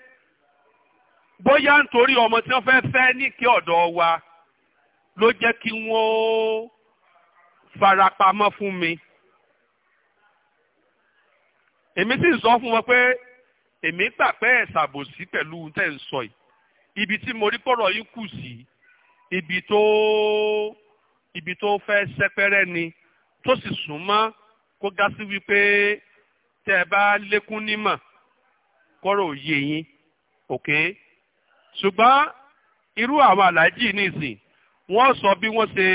S1: bóyá nítorí ọmọ tí wọ́n fẹ́ fẹ́ ní kí ọ̀dọ̀ wa ló jẹ́ kí wọ́n farapamọ́ fún mi èmi sì ń sọ fún wọn pé èmi gbà pé ẹ̀sàbòsí pẹ̀lú tẹ̀ ń sọ yìí ibi tí mo rí pọ̀rọ̀ yín kù sí ibi tó ibi tó fẹ́ sẹ́pẹ́rẹ́ ni tó sì sún mọ́ kó gá sí wípé tẹ́ ẹ bá lékún nímọ̀ kọ́rọ̀ òye yín òkè ṣùgbọ́n irú àwọn aláàjì nìsín wọ́n sọ bí wọ́n ṣe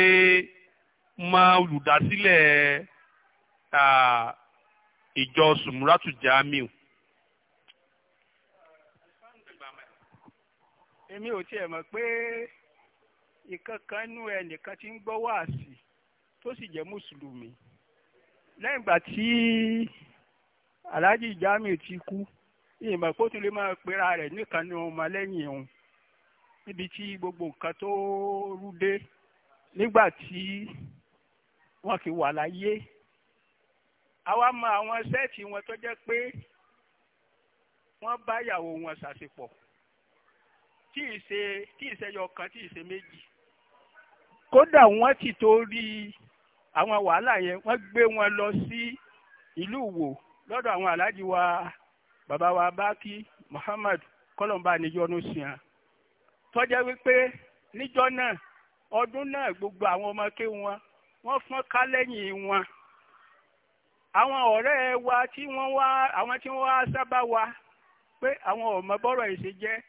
S1: mọ olùdásílẹ̀ ìjọ sùmùràtù jamiu.
S2: èmi ò tiẹ̀ mọ̀ pé ìkankan nú ẹnìkan tí ń gbọ́ wáàsì tó sì jẹ́ mùsùlùmí lẹ́yìn ìgbà tí aláàjì Jamiu ti kú ìyìnbọn kó tún lè máa pera rẹ̀ nìkan ní ọmọ lẹ́yìn òun níbi tí gbogbo nǹkan tó rú dé nígbà tí wọ́n fi wà láyé àwa mọ àwọn sẹ́ẹ̀tì wọn tó jẹ́ pé wọ́n bá ìyàwó wọn ṣàṣepọ̀ tí ì ṣe tí ì ṣe yọ kan tí ì ṣe méjì kódà wọ́n ti torí àwọn wàhálà yẹn wọ́n gbé wọn lọ sí ìlú Ìwó lọ́dọ̀ àwọn aláàjì wa bàbá wa bákí Muhammad kọlọmba níyọnu sìn tọ́jẹ́ wípé níjọ́ náà ọdún náà gbogbo àwọn ọmọ wọn wọ́n fọ́n ká lẹ́yìn wọn àwọn ọ̀rẹ́ wa tí wọ́n wá àwọn wá wa pé àwọn ọmọ bọ́rọ̀ jẹ́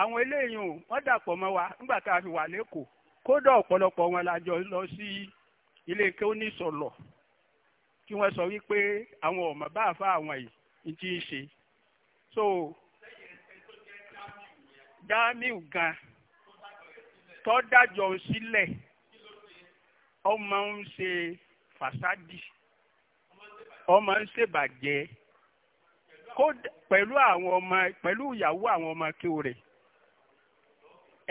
S2: àwọn eléyìí wọ́n dàpọ̀ mọ́ wa nígbà tá a fi wà lẹ́kọ̀ọ́ kódà ọ̀pọ̀lọpọ̀ lọ sí ilé ní kí wọ́n sọ wípé àwọn ọmọ bá àfa àwọn yìí ti ń ṣe so jamiu gan tọ́dájọ́ sílẹ̀ ọmọ ń ṣe fàṣádì ọmọ ń ṣèbàjẹ́ pẹ̀lú àwọn ọmọ pẹ̀lú ìyàwó àwọn ọmọ kí o rẹ̀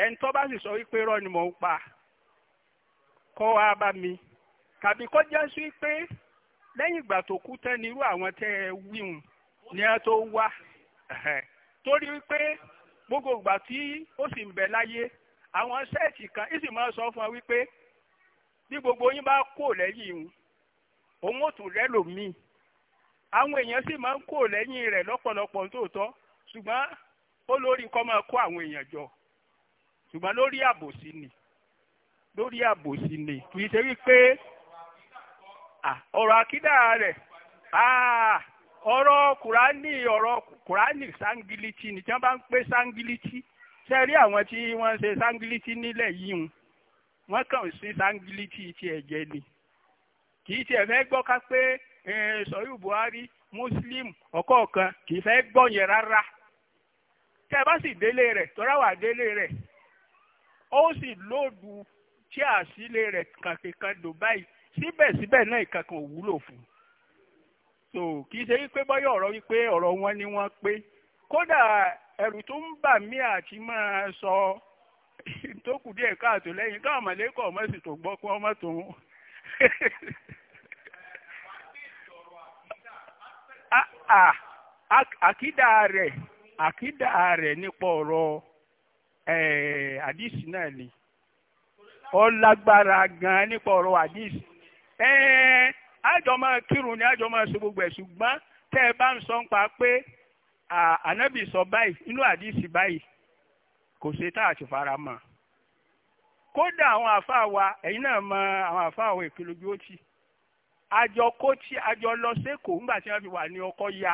S2: ẹni tó bá sì sọ wípé rọ́ ni mò ń pa kọ́ wa bá mi tàbí kọ́ jẹ́ sí pé lẹ́yìn ìgbà tó kú tán nírú àwọn tẹ́ ẹ wíhun ni a tó wá torí pé gbogbo ìgbà tí ó sì ń bẹ láyé àwọn sẹ́ẹ̀tì kan ìsì máa sọ fún wa wípé bí gbogbo yín bá kó lẹ́yìn òun ò tún rẹ́ lòmíì àwọn èèyàn sì máa ń kó lẹ́yìn rẹ̀ lọ́pọ̀lọpọ̀ nítòótọ́ ṣùgbọ́n ó lórí nǹkan máa kó àwọn èèyàn jọ ṣùgbọ́n lórí àbòsí ni lórí àbòsí ni kì í ṣe wípé Ah, ọ̀rọ̀ àkídà rẹ̀ ah, ọ̀rọ̀ kùránì ọ̀rọ̀ kùránì sangiliti ni tí wọ́n bá ń pè sangiliti ṣe rí àwọn tí wọ́n ṣe sangiliti nílẹ̀ yìí ń wọ́n kàn sí sangiliti ti ẹ̀jẹ̀ ni kì í tiẹ̀ fẹ́ gbọ́ ká pé sọ̀rọ̀ Buhari Muslim ọ̀kọ̀ọ̀kan kì í fẹ́ gbọ́ yẹn rárá tẹ́ ẹ bá sì délé rẹ̀ tọ́ra wà délé rẹ̀ ó sì lóòdù tí kàkẹ́kẹ́ síbẹ̀síbẹ̀ náà ìkankan fún so kì í ṣe wípé bọ́yọ̀ ọ̀rọ̀ wípé ọ̀rọ̀ wọn ni wọ́n pé kódà ẹ̀rù tó ń bà mí àti máa sọ [LAUGHS] tó kù díẹ̀ káàtó lẹ́yìn káwọn mọ̀lẹ́kọ̀ ọmọ sì tó gbọ́ kó ọmọ tó ń.
S1: [LAUGHS]
S2: àkídà rẹ̀ àkídà rẹ̀ nípa ọ̀rọ̀ àdìsí náà ni lágbára gan-an nípa ẹ̀ẹ́ àjọ máa kírun ni àjọ máa ṣe gbogbo ẹ̀ ṣùgbọ́n tẹ́ ẹ bá ń sọ pa pé ànábì sọ báyìí inú àdìsí báyìí kò ṣe tá a fara mọ́ kódà àwọn àfáà wa ẹ̀yin náà mọ àwọn àfáà wa ó ti àjọ kóòtì àjọ lọ tí wọ́n fi wà ní ọkọ̀ ya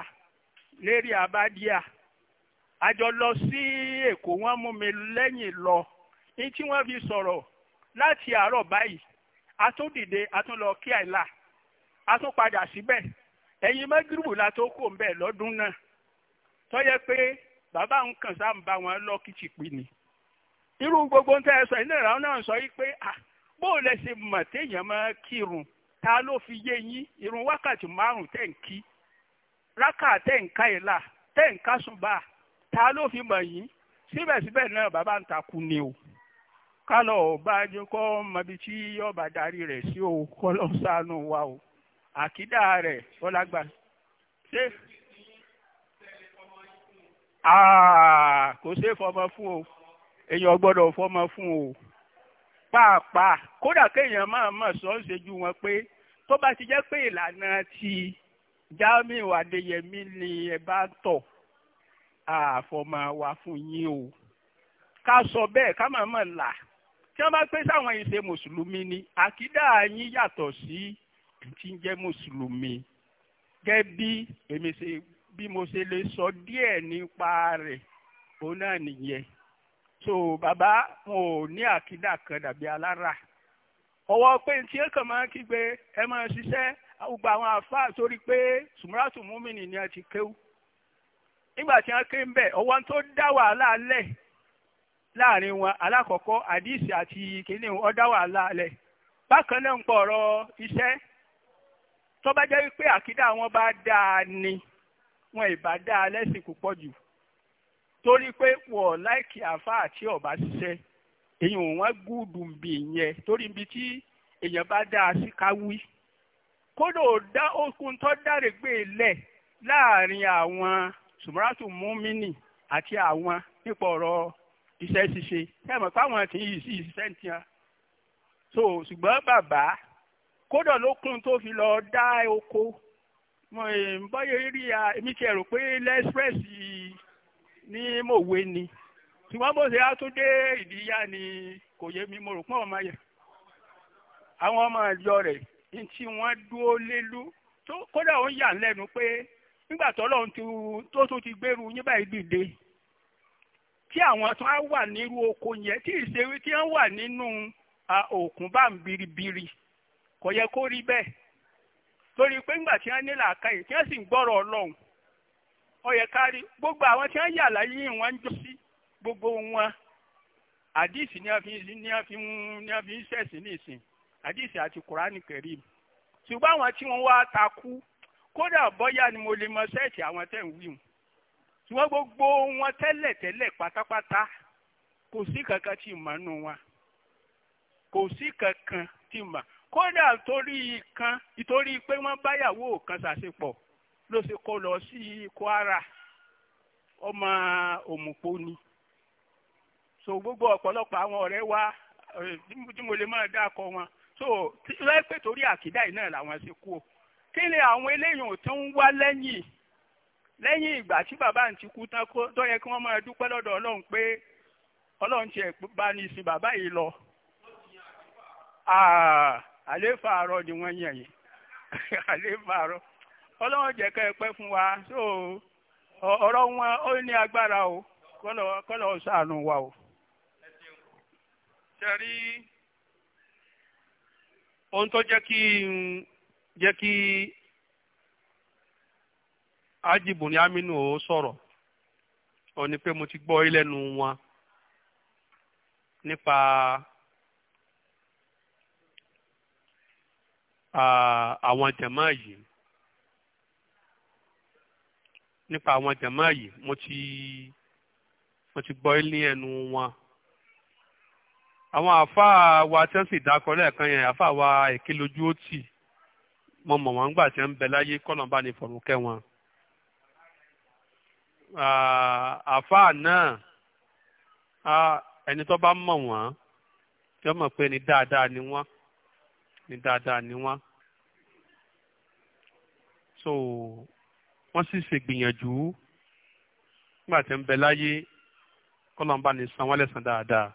S2: lérí abádíà àjọ lọ sí èkó wọ́n mú mi lọ ní tí wọ́n fi sọ̀rọ̀ láti àárọ̀ báyìí a tún dìde a tún lọ kí àìlà a tún padà síbẹ̀ ẹ̀yin mẹ́gírùbù la tó kò ń bẹ̀ lọ́dún náà tó yẹ pé bàbá ń kàn sáà ń bá wọn lọ kìtì pì ní. irú gbogbo tẹ́ ẹ sọ yìí náà náà sọ yìí pé à bó o lẹ ṣe mọ̀ téèyàn máa kírun ta ló fi yé yín irun wákàtí márùn tẹ̀ ń kí rákà tẹ̀ ń ká ìlà tẹ̀ ń ká sùn bá ta ló fi mọ̀ yín síbẹ̀síbẹ̀ náà bàbá ń takú ni o kálọ̀ ọ̀bájú kọ́ mọbi tí yọba darí rẹ̀ sí o kọ́lọ́ sánú wa o àkídà rẹ̀ ọlágbà ṣé kò ṣe fọmọ fún o èèyàn gbọ́dọ̀ fọmọ fún o pàápàá kódà kéèyàn máa mọ̀ sọ́ ju wọn pé tó bá ti jẹ́ pé ìlànà ti Jamiu Adéyẹmí ni ẹ bá tọ̀ àfọmọ wa fún yín o ká sọ bẹ́ẹ̀ ká máa mọ̀ là. tí wọ́n bá pé sáwọn ìṣe mùsùlùmí ni àkídà yín yàtọ̀ sí tí ń jẹ́ mùsùlùmí bí èmi ṣe bí mo ṣe lè sọ díẹ̀ nípa rẹ̀ òun náà nìyẹn so bàbá wọn ò ní àkídà kan dàbí alára ọwọ́ pé tí kàn máa kígbe ẹ máa ṣiṣẹ́ pé a ti kéwú nígbà tí wọ́n ké ń bẹ̀ ọwọ́ tó dá wàhálà lẹ̀ láàrin wọn alákọ̀ọ́kọ́ àdìsí àti kìíní ọ̀dá wàhálà alẹ̀ bákan náà ń pọ̀ ọ̀rọ̀ iṣẹ́ tó bá jẹ́ wípé àkídà wọn bá dáa ni wọn ìbá dáa lẹ́sìn púpọ̀ jù torí pé wọ̀ láìkì àfa àti ọ̀bá ṣiṣẹ́ èyàn wọn gúdùn bì yẹn torí ibi tí èyàn bá dáa sí káwí kódò dá okun tó dáre gbé e lẹ̀ láàrin àwọn sùmùràtù múmínì àti àwọn nípa ọ̀rọ̀ iṣẹ́ ṣíṣe ẹ mọ̀ fáwọn kì í sí iṣẹ́ ń tiẹ̀ so ṣùgbọ́n bàbá kódà ló kún tó fi lọ dá oko mo eh, bọ́yọ̀ rí a èmi tiẹ̀ rò pé lẹ́sprẹ́s ní mòwe ni ṣùgbọ́n bó ṣe á ìdíyà ni kò yé mi mo rò pọ́n ọmọ yẹn àwọn ọmọ ìjọ rẹ̀ ní tí wọ́n dúró lélú kódà ó ń yà lẹ́nu pé nígbà tó lọ́run tó tún ti gbèrú yín báyìí dìde tí àwọn tó á wà nírú oko yẹn tí ìṣeré tí wọ́n wà nínú òkun bá ń biribiri kò yẹ kó rí bẹ́ẹ̀ torí pé ńgbà tí wọ́n ní làákàyè tí wọ́n sì ń gbọ́rọ̀ ọlọ́run ó kárí gbogbo àwọn tí wọ́n yà láyé wọn ń jọ sí gbogbo wọn àdìsí ni wọ́n fi ni wọ́n fi ni wọ́n fi ń ṣẹ̀sìn nìsín àdìsí àti kùránì kẹrìm ṣùgbọ́n àwọn tí wọ́n wá takú kódà bọ́yá ni mo lè mọ sẹ́ẹ̀tì àwọn tẹ̀ ń wí wọn ṣùgbọ́n gbogbo wọn tẹ́lẹ̀ tẹ́lẹ̀ pátápátá kò sí kankan tí mà nù wọn kò sí kankan tí mà kódà torí kan ìtorí pé wọ́n báyàwó kan ṣàṣepọ̀ ló ṣe kó lọ sí Kwara ọmọ òmùpó ni so gbogbo ọ̀pọ̀lọpọ̀ àwọn ọ̀rẹ́ wa tí mo lè máa dáko wọn so lọ́ọ́ pé torí àkídà yìí náà làwọn ṣe kú o kí ni àwọn eléyìí ò tún wá lẹ́yìn lẹ́yìn ìgbà tí bàbá ń ti kú tán tó yẹ kí wọ́n máa dúpẹ́ lọ́dọ̀ ọlọ́run pé ọlọ́run ti bá ní ìsìn bàbá yìí lọ. Ah, àléfà àárọ̀ ni wọ́n yàn yìí [LAUGHS] àléfà àárọ̀ ọlọ́run jẹ́ ká ẹ pẹ́ fún wa so ọ̀rọ̀ wọn ó ní agbára o kọ́lọ̀ wa o.
S1: ohun tó jẹ́ kí jẹ́ kí ájìbù ní aminu ò sọ̀rọ̀ ó ní pé mo ti gbọ́ ilẹ̀nu wọn nípa àwọn jàmáà yìí nípa àwọn jàmáà yìí mo ti mo ti gbọ́ ilé ẹnu wọn àwọn àáfàá wa tí wọ́n sì dákọ lẹ́ẹ̀kan yẹn àáfàá wa èké lójú ó tì mo mọ̀ wọ́n gbà tí wọ́n ń bẹ láyé kọ́nà ní fọ̀rùn wọn àfáà náà ẹni tó bá mọ̀ wọ́n yóò mọ̀ pé ní dáadáa ni wọ́n ní dáadáa ni wọ́n so wọ́n sì ṣègbìyànjú nígbà tí ń bẹ láyé kọ́lọ́mbà ní san wọ́n lẹ́sàn dáadáa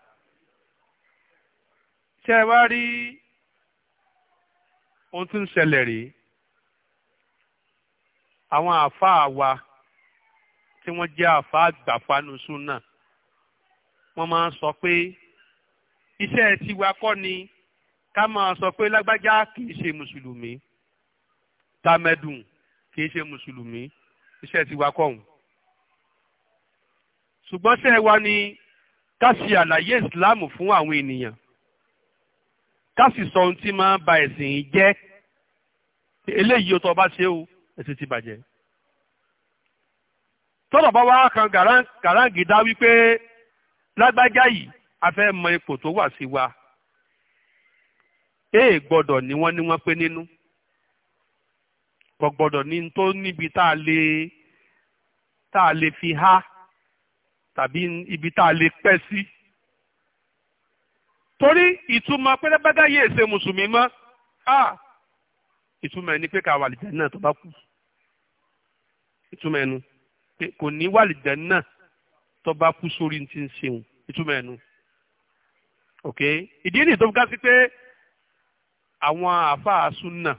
S1: tí ẹ wá rí ohun tí ń ṣẹlẹ̀ rèé àwọn àáfàá wa tí wọ́n jẹ́ àfa àgbàfanu súnà wọ́n máa ń sọ pé iṣẹ́ tiwa kọ́ ni ká máa sọ pé lágbájá kìí ṣe mùsùlùmí tàmẹ́dùn kìí ṣe mùsùlùmí iṣẹ́ tiwa kọ́ òun. ṣùgbọ́n ṣẹ́ wa ni ká ṣe àlàyé ìsìláàmù fún àwọn ènìyàn ká sì sọ ohun tí máa ń ba ẹ̀sìn jẹ́ eléyìí ó tọ́ bá ṣe ó ẹ̀sìn ti bàjẹ́ tọ́lọ̀ bá wá kan gàráǹgìdá wípé lágbájá yìí a fẹ́ mọ ipò tó wà sí wa èè gbọ́dọ̀ ni wọ́n ní wọ́n pé nínú kò gbọ́dọ̀ ní tó níbi tá a lè tá a lè fi há tàbí ibi tá a lè pẹ́ sí torí ìtumọ̀ pẹ́lẹ́bẹ́gá yìí èsè mùsùlùmí mọ́ ìtumọ̀ ẹni pé ká wà lìjẹ́ náà tó bá kú ìtumọ̀ ẹnu kò ní wàlìjẹ́ náà tó bá kú sórí ti ń ṣeun ìtumọ̀ ẹ̀nu ok ìdí nìyí tó fi ká sí pé àwọn àáfàá súnà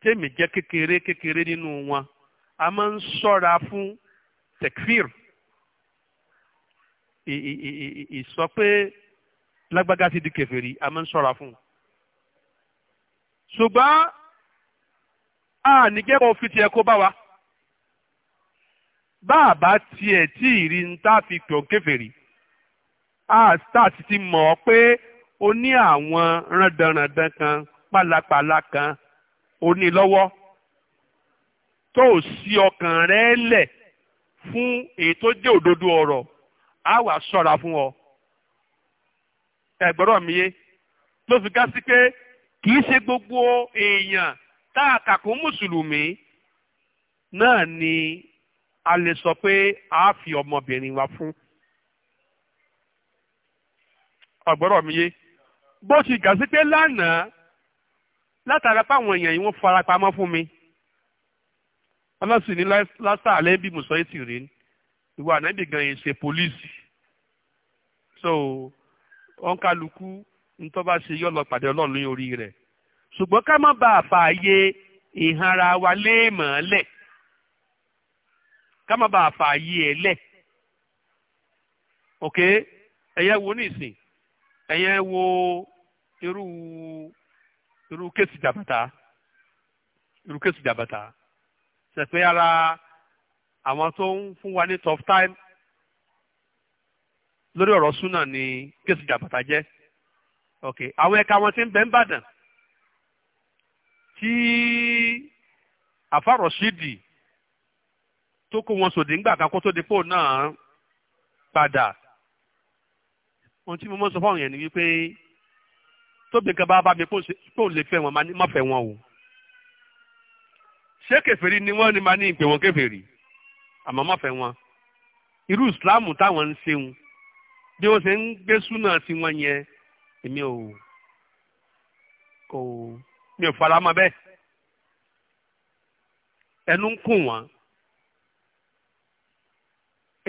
S1: tèmi jẹ́ kékeré kékeré nínú wọn a máa ń ṣọ́ra fún tekfir ìsọ pé lágbága ti di kèfèrí a máa ń ṣọ́ra fún un ṣùgbọ́n a nìjẹ́ kó fi tiẹ̀ kó bá wa. bá a bá tiẹ̀ tí ìrì ń tá fi pè ọ́ kèfèrí astat ti mọ̀ ọ́ pé o ní àwọn randanrandan kan pálapàla kan o ní lọ́wọ́ tó o sí ọkàn rẹ lẹ̀ fún èyí tó jẹ́ òdodo ọ̀rọ̀ á wà ṣọ́ra fún ọ ẹ̀gbọ́rọ̀ mi yé ló fi ká sí pé kì í ṣe gbogbo èèyàn tá a kà kún mùsùlùmí náà ni a lè sọ pé a fi ọmọbìnrin wa fún ọ̀gbọ́rọ̀ mi yé bó ti gà sí pé lánàá látara páwọn èèyàn yìí wọ́n fara pamọ́ fún mi ọlọ́sìn ní lásàálẹ́ bí mùsọ̀ yìí sì rí ìwà ànábì gan yìí ṣe pólíìsì so ọ̀nkálukú ntọ́ bá ṣe yọ̀ lọ pàdé ọlọ́run lórí rẹ̀ ṣùgbọ́n ká má bàa fààyè ìhanra wa léèmọ̀ọ́lẹ̀ Kama má bàa fààyè ẹ̀ lẹ̀ ok ẹ̀yẹ wo ní ìsìn ẹ̀yẹ wo irú irú kéèsì jàbàtà irú kéèsì jàbàtà ṣẹ̀pẹ́ ara àwọn tó ń fún wa ní tough time lórí ọ̀rọ̀ súnà ni kéèsì jàbàtà jẹ́ ok àwọn ẹ̀ka wọn ti ń bẹ ń bàdàn tí àfàrọ̀ṣídìí tó kó wọn sòdì ńgbà kan kó tó di pò náà padà ohun tí mo mọ sọ fún àwọn ni wípé tóbi nǹkan bá bá mi pò lè fẹ́ wọn má fẹ́ wọn o ṣé kèfèrí ni wọ́n ni máa ní ìpè wọn kèfèrí àmọ́ má fẹ́ wọn irú ìsìláàmù táwọn ń ṣeun bí wọ́n ṣe ń gbé súnà tiwọn yẹn èmi ò kò mi ò fara mọ́ bẹ́ẹ̀ ẹnu ń kùn wọ́n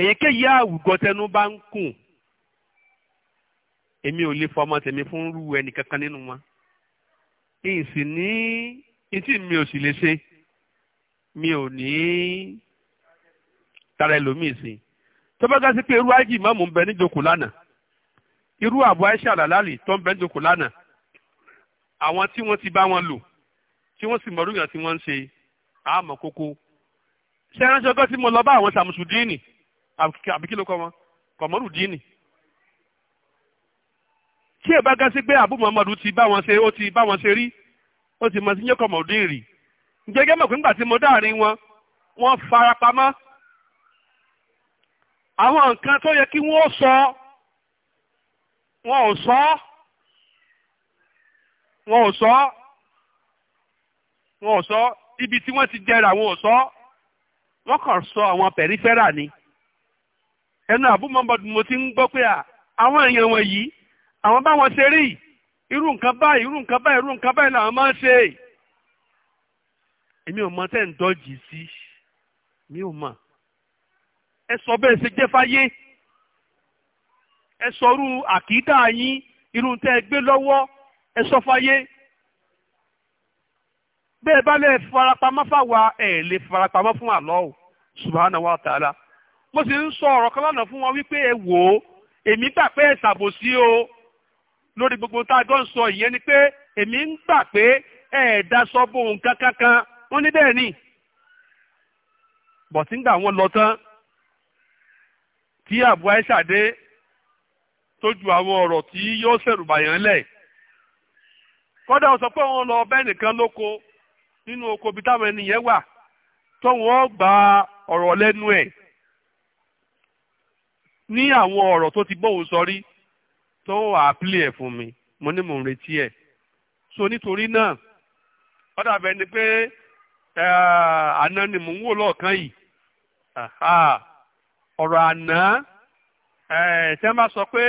S1: èyíkéyìí àwùgọ tẹnu bá ń kùn èmi ò lè fọmọ tèmi fún rú ẹnì kankan nínú wọn ìsì ní ìtì mi ò sì lè ṣe mi ò ní tara ẹlòmíì sí tó bá gá sí pé irú ájì mọ́mù ń bẹ níjókòó lánàá irú àbọ̀ aisha làlálì tó ń bẹ níjókòó lánàá àwọn tí wọ́n ti bá wọn lò tí wọ́n sì mọ̀rú tí wọ́n ń ṣe àmọ́ kókó ṣé ránṣẹ́ ọgọ́ tí mo lọ bá àwọn sàmùsùdínì àbí kí ló kọ́ wọn kọ̀mọ́rù díìnì. tí ẹ bá ga sí pé àbú muhammadu ti bá wọn ṣe ó ti bá wọn ṣe rí ó ti mọ sí yẹn kọ̀mọ́rù díìnì rí gẹ́gẹ́ mọ̀ pé ńgbà tí mo dáàrin wọn wọ́n fara pamọ́ àwọn nǹkan tó yẹ kí wọ́n sọ wọn ò sọ wọn ò sọ wọn ò sọ ibi tí wọ́n ti jẹrà wọn ò sọ wọ́n kàn sọ àwọn pẹ̀rífẹ́rà ni ẹnu Abu Muhammad mo ti ń gbọ́ pé àwọn èèyàn wọ̀nyí àwọn báwọn ṣe rí irú nǹkan báyìí irú nǹkan báyìí irú nǹkan báyìí làwọn máa ń ṣe èmi ò mọ tẹ́ ń dọ́jì sí mi ò mọ̀ ẹ sọ bẹ́ẹ̀ ṣe jẹ́ fáyé ẹ sọ irú àkídà yín irú tẹ́ ẹ gbé lọ́wọ́ ẹ sọ fáyé bẹ́ẹ̀ bá lè farapamọ́ fáwa ẹ̀ lè farapamọ́ fún Allah subhanahu wa ta'ala. mo sì ń sọ ọ̀rọ̀ kan lánàá fún wọn wípé ẹ wò ó èmi gbà pé ẹ sí o lórí gbogbo tá a jọ sọ ìyẹn ni pé èmi ń gbà pé ẹ daṣọ bo nǹkan kankan wọ́n ní bẹ́ẹ̀ ni bọ̀tí ń gbà wọ́n lọ tán tí àbúrò Aisha dé tó ju àwọn ọ̀rọ̀ tí yóò ṣèrùbàyàn lẹ̀ kọ́dà ó sọ pé wọ́n lọ bẹ́ẹ̀ nìkan lóko nínú oko bí táwọn ẹni yẹn wà tó wọ́n gba ọ̀rọ̀ lẹ́nu ẹ̀ ní àwọn ọ̀rọ̀ tó ti bóun sọ tó wà á pílẹ̀ ẹ̀ fún mi mo ní mò ń retí ẹ̀ so nítorí náà ó dàbẹ̀ ni pé àná ni mò ń wò lọ́ọ̀kan yìí ọ̀rọ̀ àná ṣe máa sọ pé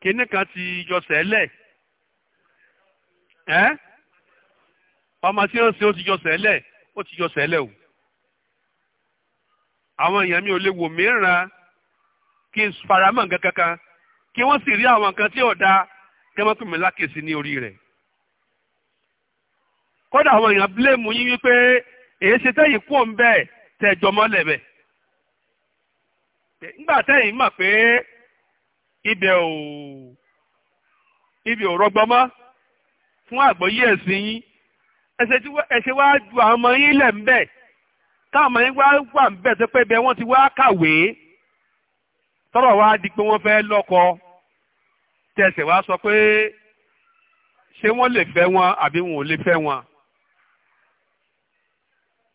S1: kinní kan ti yọ sẹ́lẹ̀ ọmọ tí ó ń sin ó ti yọ sẹ́lẹ̀ ó ti yọ sẹ́lẹ̀ o. àwọn èèyàn mi ò lè wò mìíràn kí n faramọ́ nǹkan kankan kí wọ́n sì rí àwọn nǹkan tí ò dáa kí wọ́n pè mí lákèsí ní orí rẹ̀. kódà àwọn èèyàn bílẹ̀mù yín wípé èyí ṣe tẹ́yìn kú òun bẹ́ẹ̀ tẹ̀jọ́ mọ́lẹ̀ bẹ́ẹ̀. nígbà táwọn ọmọ yẹn wá wà ń bẹ̀ tó pé bẹ́ẹ̀ wọ́n ti wá kàwé tọ́rọ̀ wá di pé wọ́n fẹ́ lọ́kọ tẹ̀sẹ̀ wá sọ pé ṣé wọ́n lè fẹ́ wọn àbí wọn ò lè fẹ́ wọn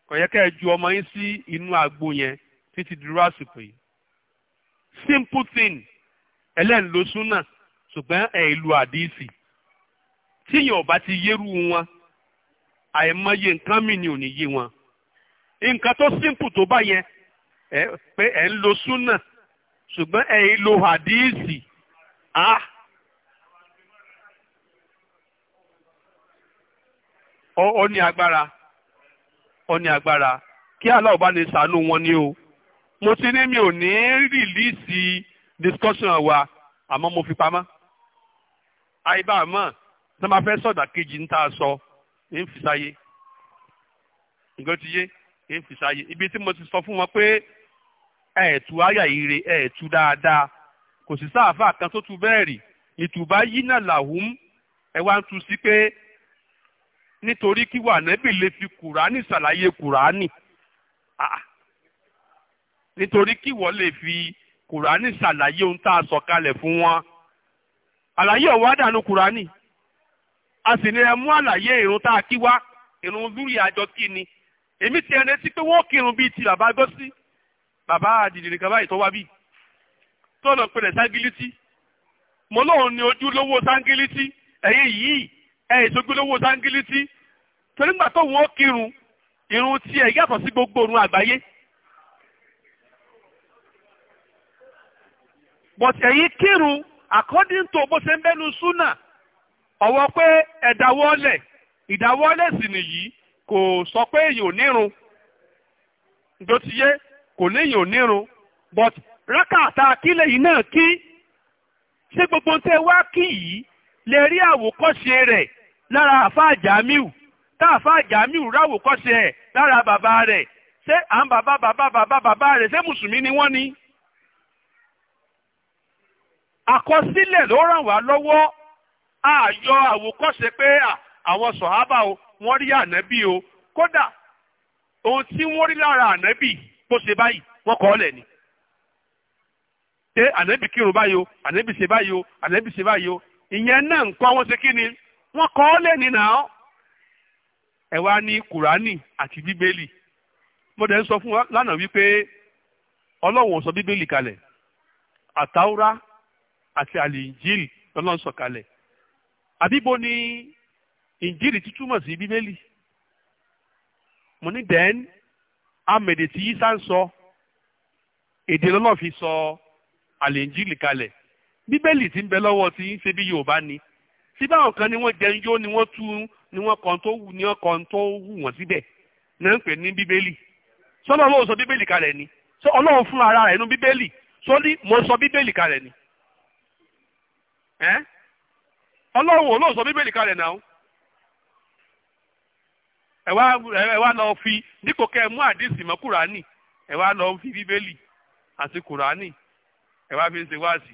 S1: kò yẹ ká ẹ ju ọmọ yín sí inú agbo yẹn títí dúró àsìkò yìí simple thing ẹlẹ́ni ló súnà ṣùgbọ́n ẹ̀ ìlú àdìsí tíyàn ọba ti yẹ́rù wọn àìmọye nǹkan mìíràn ò ní yé wọn nǹkan tó simple tó bá yẹn ẹ pé ẹ ń lo súnà ṣùgbọ́n ẹ ń lo hadíìsì á. Ah! ó ní agbára ó ní agbára kí aláwọ̀ bá ní sànú wọn ni o
S2: mo ti ní mi ò
S1: ní rìlíìsì discussion wa àmọ́ mo fi pamọ́ àìbá àmọ́ tí wọ́n bá fẹ́ sọ̀dà kejì ń tá a ń fi sáyé nǹkan ti yé èé fi sáyé ibi tí mo ti sọ fún wọn pé ẹ̀ẹ̀tù àyà ire ẹ̀ẹ̀tù dáadáa kò sí sáàfà kan tó tu bẹ́ẹ̀ rí ìtùbá yínà làwùm ẹ wá ń tu sí pé nítorí kí wà nẹ́bì lè fi kùránì ṣàlàyé kùránì ah. nítorí kí wọ́n lè fi kùránì ṣàlàyé ohun tá a sọ kalẹ̀ fún wọn àlàyé ọ̀wá dànù kùránì a sì ní ẹ mú àlàyé irun tá a kí wá irun lórí àjọ kí ni èmi ti ẹni sí pé wọ́n kírun bíi ti bàbá gbọ́ sí bàbá àdìdìrì kan báyìí tó wá bí tó lọ pẹ̀lẹ́ ságilítì mo lóun ni ojúlówó ságilítì ẹ̀yin yìí ẹ̀yìn sójúlówó ságilítì torí gbà tó wọ́n kírun irun tí ẹ̀ yàtọ̀ sí gbogbo irun àgbáyé. bọ̀tì ẹ̀yin kírun according to bó ṣe ń bẹ́nu súnà ọ̀wọ́ pé ẹ̀dáwọ́lẹ̀ ìdáwọ́lẹ̀ sì nìyí kò sọ pé èyàn ò nírun tó ti yé kò léyìn ò nírun but rákàtà kí lẹ́yìn náà kí ṣé gbogbo tẹ́ wá kí yìí lè rí àwòkọ́ṣe rẹ̀ lára àfáà Jamiu tá
S2: àfáà Jamiu ráwòkọ́ṣe ẹ̀ lára bàbá rẹ̀ ṣé à ń bàbá bàbá bàbá bàbá rẹ̀ ṣé mùsùlùmí ni wọ́n ni. àkọsílẹ̀ ló
S1: ràn wá lọ́wọ́ àyọ àwòkọ́ṣe pé àwọn sọ̀hábà o wọ́n rí ànábì o kódà ohun tí wọ́n rí lára ànábì bó ṣe báyìí wọ́n kọ́ lẹ̀ ni. ṣé ànábì kírun báyìí o ànábì ṣe báyìí o ànábì ṣe báyìí o ìyẹn náà nǹkan wọ́n ṣe kí ni wọ́n kọ́ lẹ̀ ni nà ọ́. ẹ wá ní kùránì àti bíbélì mo dẹ̀ ń sọ fún wa lánàá wípé ọlọ́run sọ bíbélì kalẹ̀ àtàwúrá àti àlìjíìlì lọ́lọ́run kalẹ̀ àbíbo ni ìjírì ti túmọ̀ sí bíbélì mo ní dẹ́n amèdè tí yíṣà ń sọ èdè lọ́nà fi sọ àlè ìjírì kalẹ̀ bíbélì tí ń bẹ lọ́wọ́ tí ń ṣe bí yorùbá ni tí báwọn kan ni wọ́n jẹun yó ni wọ́n tú ni wọ́n kan tó wù ni wọ́n kan tó wù wọ́n síbẹ̀ ní ń pè ní bíbélì sọ́nà ọlọ́run sọ bíbélì kalẹ̀ ni sọ ọlọ́run fún ara rẹ̀ nínú bíbélì sọ ní mo sọ bíbélì kalẹ̀ ni ọlọ́run ò lóun sọ bíbélì kalẹ̀ náà ẹ wá ẹ wá lọ fi dípò kẹ́ ẹ mú àdìsí mọ́ kùránì ẹ wá lọ fi bíbélì àti kùránì ẹ wá fi ṣe wáàsì